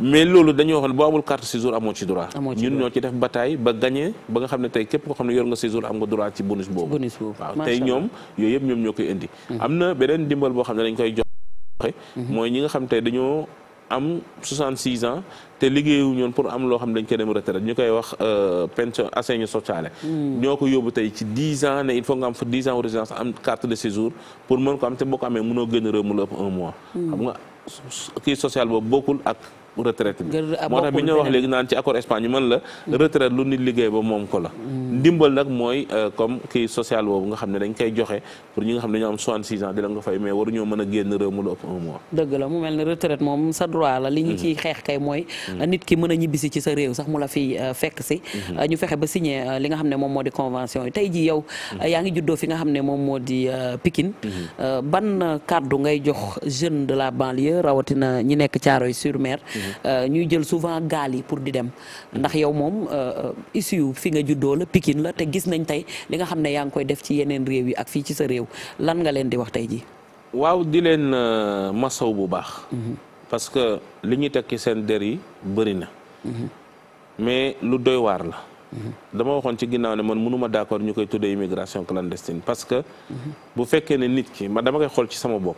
mm-hmm. mm-hmm. boo amul carte séjour amoo ci droit ñun ñoo ci def bataille ba gagné ba nga xam ne tey képp koo xam ne yor nga séjour am nga droit ci bonus boobu waaw tey ñoom yooyu yëpp ñoom ñoo koy indi am na beneen dimbal boo xam ne dañ koy joxe mooy ñi nga xam tey dañoo am 66 ans te liggéeyu ñoon pour am loo xam ne dañ koy dem retraite ñu koy wax euh, pension assegno sociale hmm. ñoo ko yóbbu tey ci 10 ans ne il faut nga am fa 10 ans de résidence am carte de séjour pour mën ko am te boo ko amee mënoo gën a réew mu la ëpp un mois hmm. kii social boobu bokkul ak retraite bi moo tax bi ñu wax léegi naan ci accord Espagne ñu mën la hmm. retraite lu nit liggéey ba moom ko la ndimbal nag mooy euh, comme kii sociale boobu nga xam ne dañ koy joxe pour ñi nga xam ne ñoo am 66 ans di la nga fay mais waruñoo a génn réew mu lu ëpp un mois. dëgg la mu mel ne retraite moom sa droit la. li ñu mm-hmm. ciy xeex kay mooy. Mm-hmm. nit ki mën a ñibbisi ci sa réew sax mu la fi euh, fekk si. Mm-hmm. ñu fexe ba signé euh, li nga xam ne moom moo di convention yi tey jii yow. Euh, yaa ngi juddoo fi nga xam ne moom moo di Pikine. ban kàddu ngay jox jeune de la banlieue rawatina ñi nekk thiaroye sur ñuy jël souvent gaal yi pour di dem. ndax yow moom issue fi nga juddoo la Pikine la te gis nañ tey li nga xam ne yaa ngi koy def ci yeneen réew yi ak fii ci lan nga leen di wax tey ji waaw di leen euh, masaw bu baax. Mhm. parce que li ñuy tekki seen der yi bëri na. Mhm. mais lu doy waar la. Mhm. dama waxoon ci ginnaaw ne man mënuma d'accord ñu koy tuddee immigration clandestine parce que. bu fekkee ne nit ki ma dama koy xool ci sama bopp.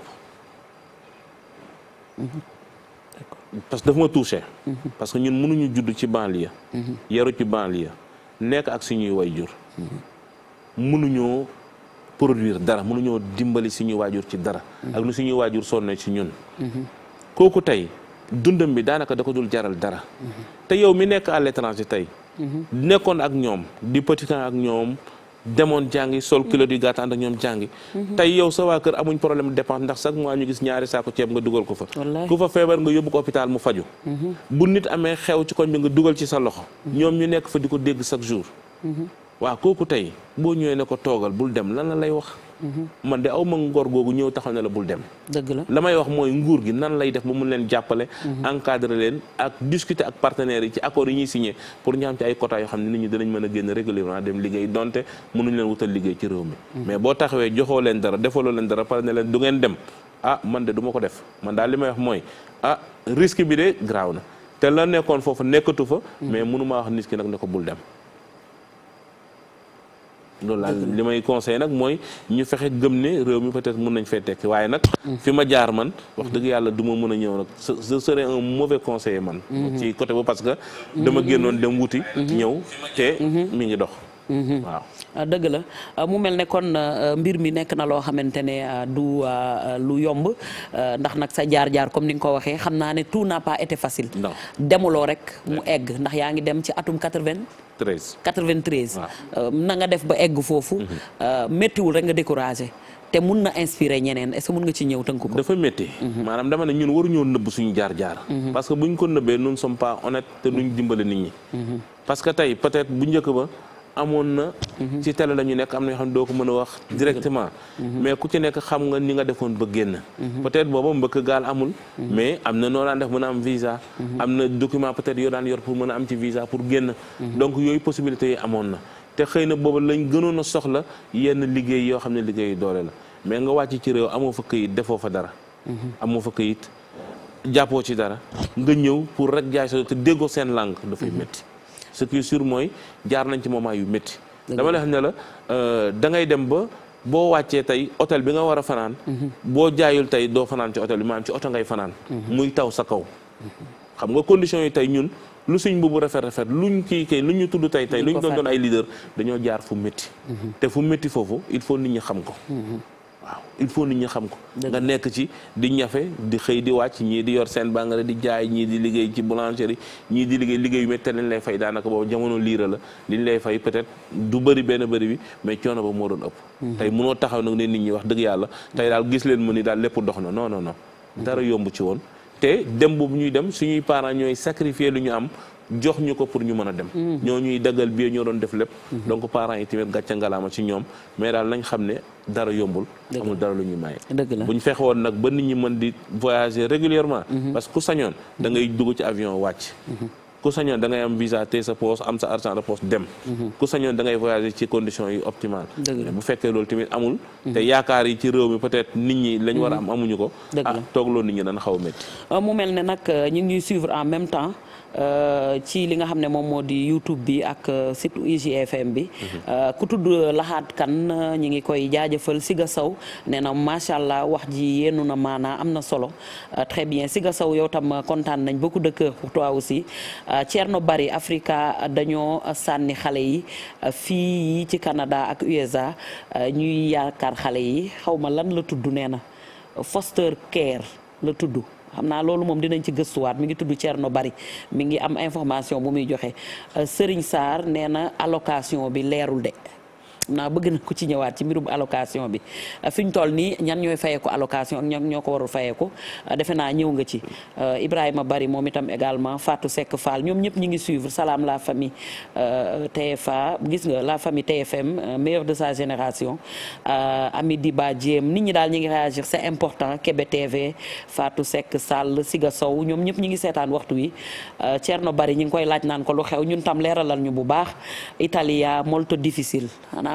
parce que dafa ma touché. parce que ñun mënuñu judd ci banlieue. yaru ci banlieue nekk ak suñuy way jur mënuñoo produire dara mënuñoo dimbali suñu waajur ci dara. Mhm. ak lu suñu waajur sonne ci ñun. Mhm. kooku tey dundam bi daanaka da ko dul jaral dara. Mhm. te yow mi nekk à l'étranger tey. nekkoon ak ñoom di petit temps ak ñoom. demoon jàngi sol kilo di gàtt ànd ñoom jàngi tey yow sa waa kër amuñ problème dépense ndax chaque mois ñu gis ñaari saako ceeb nga dugal ko fa ku fa feebar nga yóbbu ko hôpital mu faju bu nit amee xew ci koñ bi nga dugal ci sa loxo ñoom ñu nekk fa di ko dégg chaque jour waaw kooku tey boo ñëwee ne ko toogal bul dem lan la lay wax. Mhm. man de aw ma ngor googu ñëw taxaw ne la bul dem. dëgg la la may wax mooy nguur gi nan lay def ba mun leen jàppale. Mhm. encadre leen ak discuter ak partenaires yi ci accords yi ñu signé pour ñu am ci ay quotas xam ne nit ñu danañ mën a génn régulièrement dem liggéey donte mënuñ leen wutal liggéey ci réew mi. Mhm. mais boo taxawee joxoo leen dara defaloo leen dara pare ne leen du ngeen dem ah man de duma ko def man daal li may wax mooy ah risque bi de graaw na te la nekkoon foofu nekkatu fa. mais mënu wax nit nag ne bul dem. loolu laa li may conseil nag mooy ñu fexe gëm ne réew mi peut-être mën nañ fee tekk waaye nag mm. fi ma jaar man wax dëgg yàlla du ma mën a ñëw nag ce serait un mauvais conseiller man mm-hmm. ci côté bu parce que dama génnoon dem wuti mm-hmm. ñëw te mm-hmm. mi ngi dox waaw Euh, dëgg la euh, mu mel ne kon euh, mbir mi nekk na loo xamante ne du lu yomb ndax nag sa jaar-jaar comme ni nga ko waxee xam naa ne tout n'a pas été facile. demuloo rek mu egg ndax yaa ngi dem ci atum 80. 93 93. waaw na nga def ba egg foofu. Mhm. méttiwul rek nga découragé. te mun na inspiré ñeneen est mun nga ci ñëw tënku ko. dafa métti. Mhm. maanaam dama ne ñun waruñoo nëbb suñu jaar-jaar. Mhm. parce que buñ ko nëbbee nous ne sommes pas honnêtes te duñ dimbale nit parce que tey bu njëkk ba. amoon na. Mhm. ci télé la ñu nekk am na ñoo xam ne doo ko mën a wax directement. Mhm. Mhm. mais ku ci nekk xam nga ni nga defoon ba génn. peut-être booba mbëkk gaal amul. mais am na noo daan def mën a am visa. am na document peut-être yoo daan yor pour mën a am ci visa pour génn. donc yooyu possibilités yi amoon na. te xëy na booba lañ gënoon a soxla yenn liggéey yoo xam ne liggéey doole la mais nga wàcc ci réew amoo fa këyit defoo fa dara. amoo fa këyit jàppoo ci dara nga ñëw pour rek jaay sa te déggoo ce qui mooy jaar nañ ci moment yu métti dama lay xam ne la euh, da ngay dem ba boo wàccee tey hôtel bi nga war a fanaan mhm. boo jaayul tey doo fanaan ci hôtel bi maanaam ci oto ngay fanaan mhm. muy taw sa kaw xam nga condition yi tey ñun lu suñ mbubu rafet rafet luñ kii kay lu ñu tudd tey tey lu ñu doon doon ay leader dañoo jaar fu métti mhm. te fu métti foofu il faut nit ñi xam ko il faut nit ñi xam ko nga nekk ci di ñafe di xëy di wàcc ñii di yor seen bàngara di jaay ñii di liggéey ci boulangerie ñii di liggéey liggéey yu métti lañ lay fay daanaka boobu jamono liira la li lay fay peut-être du bëri benn bëri bi mais coono ba moo doon ëpp mhm. tey mënoo taxaw nag ne nit ñi wax dëgg yàlla tey daal gis leen mu ni daal lépp dox na non non non dara yomb ci woon te dem boobu ñuy dem suñuy parents ñooy sacrifier lu ñu am jox ñu ko pour ñu mën a dem mm-hmm. ñoo ñuy daggal bi ñoo doon def lépp mm-hmm. donc parents yi tamit gàcce ngalaama ci ñoom mais daal nañ xam ne dara yombul amul dara lu ñuy maye dëgg la bu ñu fexewoon nag ba nit ñi mën di voyager réew mi peut-être nit ñi lañ war a am mm-hmm. amuñu ko ah toogloo nit ñi dañ xaw a euh, mu mel ne nag euh, ñu ngi suivre en même temps Euh, ci li nga xam ne moom moo di YouTube bi ak euh, site ugfm bi. Mhm. Euh, ku tudd Lahat Kane ñi ngi koy jaajëfal Siga saw nee na macha allah wax ji yéenu na maanaa am na solo très bien Siga Sow yow tam kontaan nañ beaucoup de cœur pour toi aussi Thierno Bari Africa dañoo sànni xale yi fii yi ci Canada ak USA ñuy yaakaar xale yi xaw ma lan la tudd nee na foster care la tudd. xam naa loolu moom dinañ ci gëstuwaat mi ngi tudd Thierno Bari mi ngi am information bu muy joxe euh, Serigne Sarr nee na allocation bi leerul de. xam naa bëgg na ko ci ñëwaat ci mbirum allocation bi fi ñu toll nii ñan ñooy fayeeku allocation ak ñoo ko warul fayeeku defe naa ñëw nga ci euh, Ibrahima Bari moom itam également Fatou Seck Fall ñoom ñëpp ñi ngi suivre salaam la famille euh, TFA gis nga la famille TFM euh, meilleur de sa génération Ami Diba Diem nit ñi daal ñi ngi réagir important Kébé TV Fatou Sall Siga Sow ñoom ñëpp ñi ngi seetaan waxtu wi na Bari ñi ngi koy laaj naan ko lu xew ñun tam leeralal ñu bu baax Italia molto difficile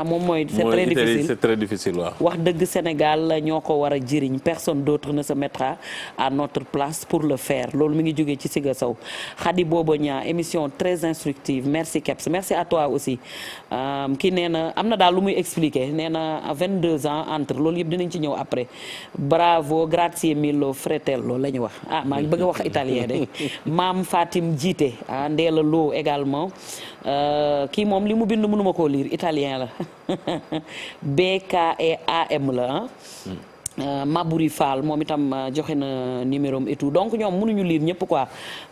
moom mooy. c'est très difficile c'est wax dëgg Sénégal la ñoo ko war a jëriñ personne d'autre ne se mettra à notre place pour le faire loolu mi ngi jógee ci Siga Sow Khady Bobo Niang émission très instructive merci Kebs merci à toi aussi euh, ki nee na am na daal lu muy expliquer nee na deux ans entre loolu yëpp dinañ ci ñëw après bravo grazie mille fratello la ñu wax ah maa ngi bëgg a wax italien de maam faatim Jiite ah Ndéla Lo également euh, kii moom li mu bind mënuma koo lire italien la. BKEAM la ah. Euh, Mabouri Fall moom itam euh, joxe na numéro am donc ñoom mënuñu lire ñëpp ko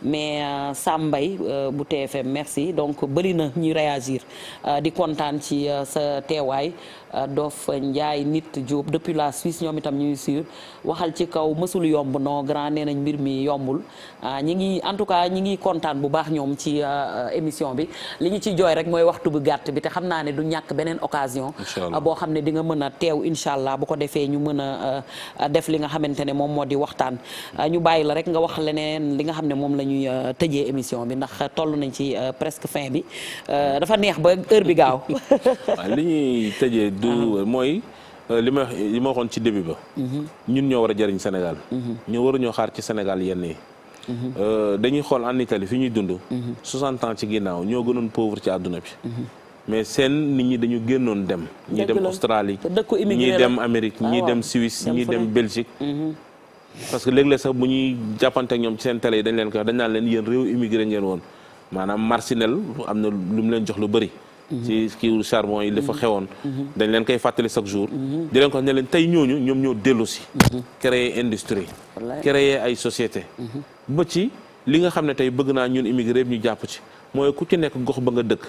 mais uh, Sam euh, bu TFM merci donc bëri na ñuy réagir euh, di kontaan ci sa teewaay. Euh, Dof Ndiaye nit Diop depuis la Suisse ñoom itam ñuy suivre waxal ci kaw mësul yomb non grand nañ mbir mi yombul euh, ñi ngi en tout cas ñi ngi kontaan bu baax ñoom ci euh, émission bi li ñu ci jooy rek mooy waxtu bu gàtt bi te xam naa ne du ñàkk beneen occasion boo xam ne di nga mën a teew incha allah bu ko defee ñu mën a def li nga xamante ne moom moo di waxtaan ñu bàyyi la rek nga wax leneen li nga xam ne moom la ñuy tëjee émission bi ndax toll nañ ci presque fin bi dafa neex ba heure bi gaaw li ñuy tëjee du mooy euh, li ma li ma waxoon ci début ba. Mhm. ñun ñoo war a jëriñ Sénégal. a mhm. waruñoo xaar ci Sénégal yenn yi. Mhm. Euh, dañuy xool en Italie fi ñuy dund. 60 ans ci ginnaaw ñoo gënoon pauvre ci àdduna bi. mais seen nit ñi dañu génnoon dem. ñii dem Australie ñii dem Amérique ñii ah, dem Suisse ñii dem Belgique. parce que léeg-léeg sax bu ñuy jàppante ñoom ci seen télé yi dañ leen ko wax dañ naan leen yéen réew immigré ngeen woon maanaam Marcinelle am na lu leen jox lu bëri. ci kiiwu charbon yi dafa xewoon dañ leen koy fàttali chaque jour di leen ko ne leen tey ñooñu ñoom ñoo dellu si créer industrie créer ay société ba ci li nga xam ne tey bëgg naa ñun immigré ñu jàpp ci mooy ku ci nekk gox ba nga dëkk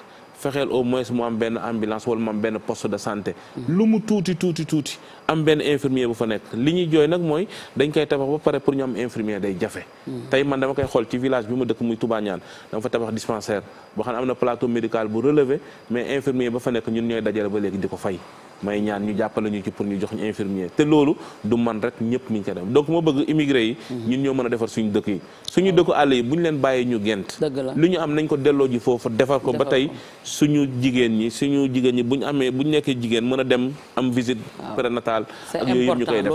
fexeel au moins mu am benn ambulance wala mu am benn poste de santé. lu mu tuuti tuuti tuuti am benn infirmier bu fa nekk li ñuy jooy nag mooy dañ koy tabax ba pare pour ñu am infirmier day jafe. Hmm. tey man dama koy xool ci village bi ma dëkk muy Touba Niane dama fa tabax dispensaire boo xam ne am na plateau médical bu relevé mais infirmier ba fa nekk ñun ñooy dajale ba léegi di ko fay. may ñaan ñu jàppale ñu ci pour ñu jox ñu infirmier te loolu du man rek ñëpp mi ngi koy dem donc moo bëgg immigré yi. Hmm. ñun ñoo mën a suñu dëkk yi. suñu dëkku àll yi bu ñu leen bàyyee ñu gent. lu ñu am nañ ko delloo ji foofu defar ko ba suñu jigéen ñi suñu jigéen ñi bu ñu amee bu ñu nekkee jigéen mën a dem am visite prénatale ak yooyu ñu koy def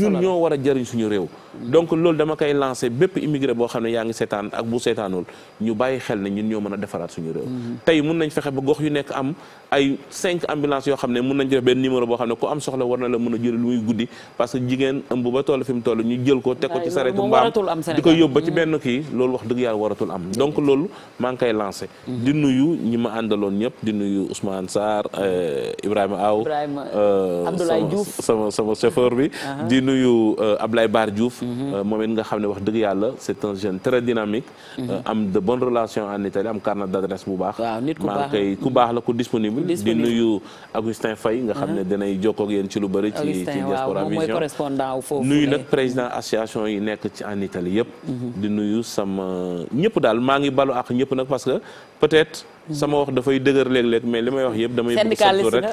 ñun ñoo war a jëriñ suñu réew donc loolu dama koy lancé bépp immigré boo xam ne yaa ngi seetaan ak bu seetaanul ñu bàyyi xel ne ñun ñoo mën na defaraat suñu réew. Mhm. tey mun nañ fexe ba gox yu nekk am ay cinq ambulances yoo xam ne mun nañ def benn numéro boo xam ne ko am soxla war na la mën a jël lu muy guddi parce que jigéen ëmb ba toll fi toll ñu jël ko teg ko ci saretu mbaam di ko yóbbu ba ci mhm. benn kii loolu wax dëgg yàlla waratul am donc loolu maa ngi koy lancé. Mhm. di nuyu ñi ma àndaloon ñëpp di nuyu Ousmane Sarr euh, Ibrahima Aw. Ibrahima euh, Abdoulaye Diouf sama sama chauffeur bi. Uh-huh. di nuyu euh, Ablaye Bar Diouf Mm-hmm. Euh, moom it nga xam ne wax dëgg yàlla c'est un jeune très dynamique. Mm-hmm. Euh, am de bonnes relations en Italie am carnet d'adresse bu baax. waaw nit ku la ku baax la ku disponible. di nuyu Augustin Faye nga xam ne mm-hmm. dinay jokkoo ak ci lu bëri. ci ci diaspora vision correspondant foofu nuyu nag président association yi nekk ci en Italie yëpp. di nuyu sama ñëpp daal maa ngi balu ak ñëpp nag parce que. peut-être sama wax dafay dëgër léeg-léeg mais li may wax yëpp damay bëgg rek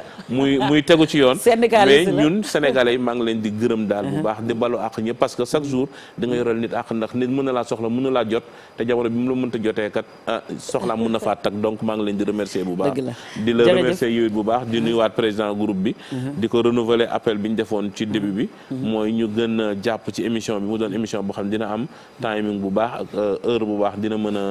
muy tegu ci yoon mais ñun sénégalais yi maa ngi leen di gërëm daal bu baax di balu àq ñëpp parce que chaque jour da nga yoral nit àq ndax nit mën na laa soxla mën na laa jot te jamono bi mu la mënta jotee kat ah, soxlaa mën na faa donc maa ngi leen di remercier bu baax di la remercier bu baax di nuyuwaat président groupe bi di ko renouveler appel bi ñu defoon ci début bi mooy ñu gën a jàpp ci émission bi mu doon émission boo xam ne dina am timing bu baax ak euh, heure bu baax dina mën a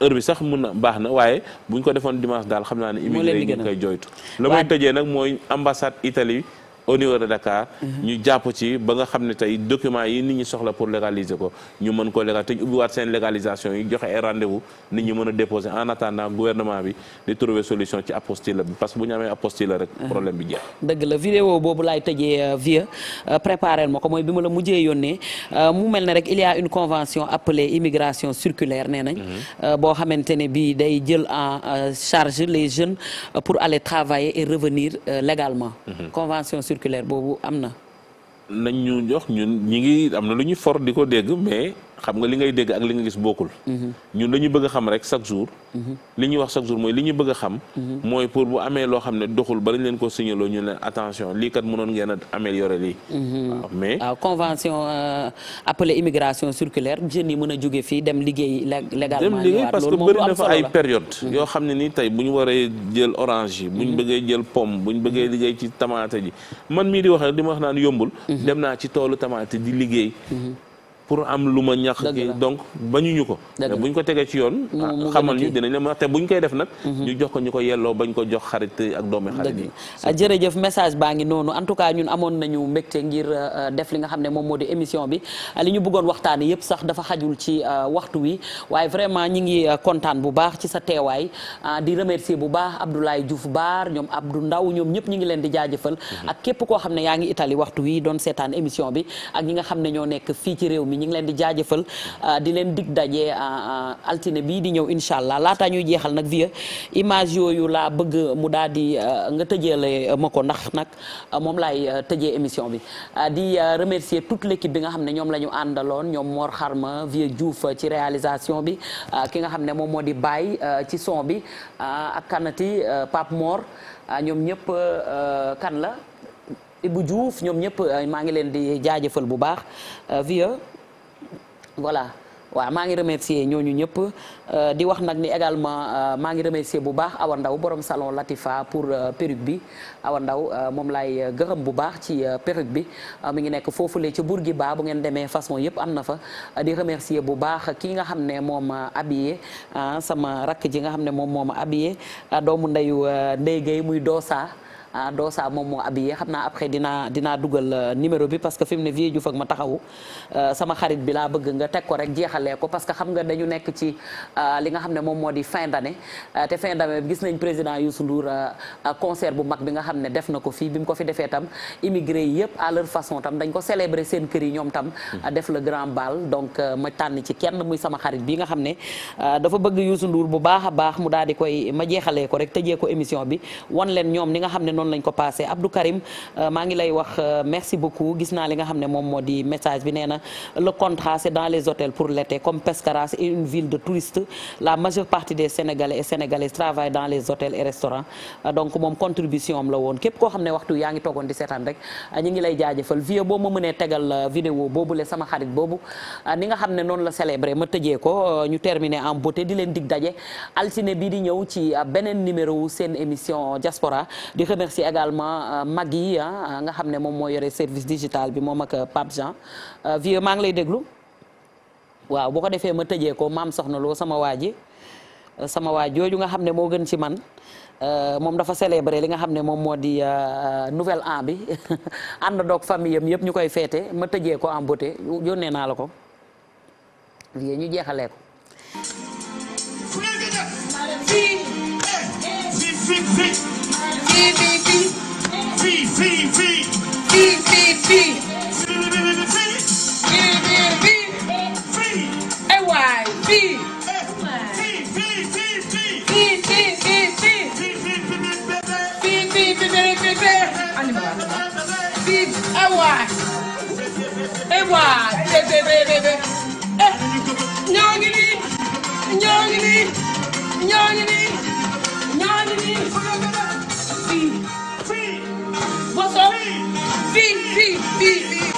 heure bi sax mun na baax na waaye buñ ko defoon dimanche daal xam naa ne immigré yi ñu koy jooytu la muy tëjee nag mooy ambassade Italie au niveau de Dakar. ñu jàpp ci ba nga xam ne tey document yi ni ñi soxla pour légaliser ko ñu mën ko légal te seen légalisation yi joxe e rendez-vous nit ñu mën a déposer en attendant gouvernement bi di trouver solution ci apostille bi parce que bu ñu amee apostille rek. Mhm. problème bi jeex. dëgg la vidéo boobu laay tëjee euh, vieux euh, préparel ma ko mooy bi ma la mujjee yónnee euh, mu mel ne rek il y une convention appelée immigration circulaire nee nañ. Mhm. boo xamante ne bii day jël en charge les jeunes pour aller travailler et revenir légalement. Mhm. circulaire boobu am na. nañ ñu jox ñun ñi ngi am na lu ñu for di ko dégg mais xam nga li ngay dégg ak li nga gis bokkul. Mhm. ñun dañu bëgg a xam rek chaque jour. Mhm. li ñuy wax chaque jour mooy li ñu bëgg xam. Mhm. mooy pour bu amee loo xam ne doxul ba lañ leen ko signaloo ñu ne attention lii kat mënoon ngeen a améliorer lii. mais waaw ah, convention euh, appelée immigration circulaire jeunes yi mën a jóge fii dem liggéey légalement. dem liggéey parce que bëri fa ay période yoo xam ne nii tey bu ñu waree jël orange yi. bu ñu bëggee jël pomme bu ñu bëggee liggéey ci tamaate ji man mii di wax rek di ma wax naan yombul. dem naa ci toolu tamaate di liggéey. pour am lu ma ñax ki donc bañuñu ko buñ ko tegee ci yoon ah, xamal ñu dinañ leen wax te buñ koy def nag mhm. ñu jox ko ñu ko yelloo bañ ko jox xarit ak doomi xarit yi ah, jërëjëf message baa ngi noonu en tout cas ñun amoon nañu mbégte ngir euh, euh, def li nga xam ne moom moo di émission bi ah, li ñu bëggoon waxtaane yëpp sax dafa xajul ci euh, waxtu wi waaye vraiment ñi ngi kontaan bu baax ci sa teewaay di remercier bu baax Abdoulaye Diouf Baar ñoom Abdou Ndaw ñoom ñëpp ñi ngi leen di jaajëfal mhm. ak képp koo xam ne yaa ngi Italie waxtu wi doon seetaan émission bi nga xam ne ñoo nekk fii ci réew mi mi ngi leen di jaajëfal ah, di leen dig daje ah, altine bii di ñëw incha allah laataa ñuy jeexal nag vie image yooyu laa bëgg mu daal di ah, nga tëjeele ma ko ndax nag moom laay tëjee émission bi di remercier toute l'équipe bi nga xam ne ñoom la ñu àndaloon ñoom moor Xarma Vieux Diouf ci réalisation bi ki nga xam ne moom moo di Baye ci son bi ak kanati Pape Mor ñoom ñëpp kan la bu Diouf ñoom ñëpp maa ngi leen di jaajëfal bu baax Vieux voilà waaw maa ngi remercier ñooñu ñëpp euh, di wax nag ni également euh, maa ngi remercier bu baax Awa Ndaw borom salon Latifa pour euh, perruque bi Awa Ndaw moom laay gërëm bu baax ci perruque bi mi ngi nekk foofu foofule ca Bourguiba bu ngeen demee façon yëpp am na fa di remercier bu baax kii nga xam ne moom habillé sama rakk ji nga xam ne moom moom habillé doomu ndeyu Ndeye Gueye muy Doosa ah Doosa moom moo habillé xam naa après dinaa dinaa dugal euh, numéro bi parce que fi ne Vieux Diouf ak ma taxawu euh, sama xarit bi laa bëgg nga teg ko rek jeexalee ko parce que xam nga dañu nekk ci euh, li nga xam ne moom moo di fin d'année te fin d'année gis nañ président Youssou Ndour concert bu mag bi nga xam ne def na ko fii bi mu ko fi defee tam immigré yi yëpp à leur façon tam dañ ko célébrer seen kër yi ñoom tam def la grand bal donc ma tànn ci kenn muy sama xarit bi nga xam ne dafa bëgg Youssou nduur bu baax a baax mu daal di koy ma jeexalee ko rek tëjee ko émission bi wan noonu lañ ko passé Abdou Karim euh, maa ngi lay wax euh, merci beaucoup gis naa li nga xam ne moom moo di message bi nee na le contrat c'est dans les hôtels pour l'été comme Pescara une ville de touristes la majeure partie des Sénégalais et Sénégalaises travaillent dans les hôtels et restaurants euh, donc moom contribution am la woon képp koo xam ne waxtu yaa ngi toogoon di seetaan rek ñu ngi lay jaajëfal vie boo ma mënee tegal vidéo boobu le sama xarit boobu ni nga xam ne la célébré ma tëjee ko ñu terminer en beauté di leen dig daje di ñëw ci beneen numéro seen émission diaspora ci également euh, mag yi euh, nga xam ne moom moo yore service digital bi moom ak euh, Pape Jean vieux maa ngi lay déglu waaw bu ko defee ma tëjee ko maam soxna loo sama waa ji sama waa jooju nga xam ne moo gën ci man moom dafa célébrer li nga xam ne moom moo di nouvelle en bi ànd doog famille yëpp ñu koy feete ma tëjee ko en beauté yónnee naa la ko lii ñu jeexalee ko. ñoo ngi nii ñoo ngi nii ñoo ngi nii vie. Bonsoir. Vie,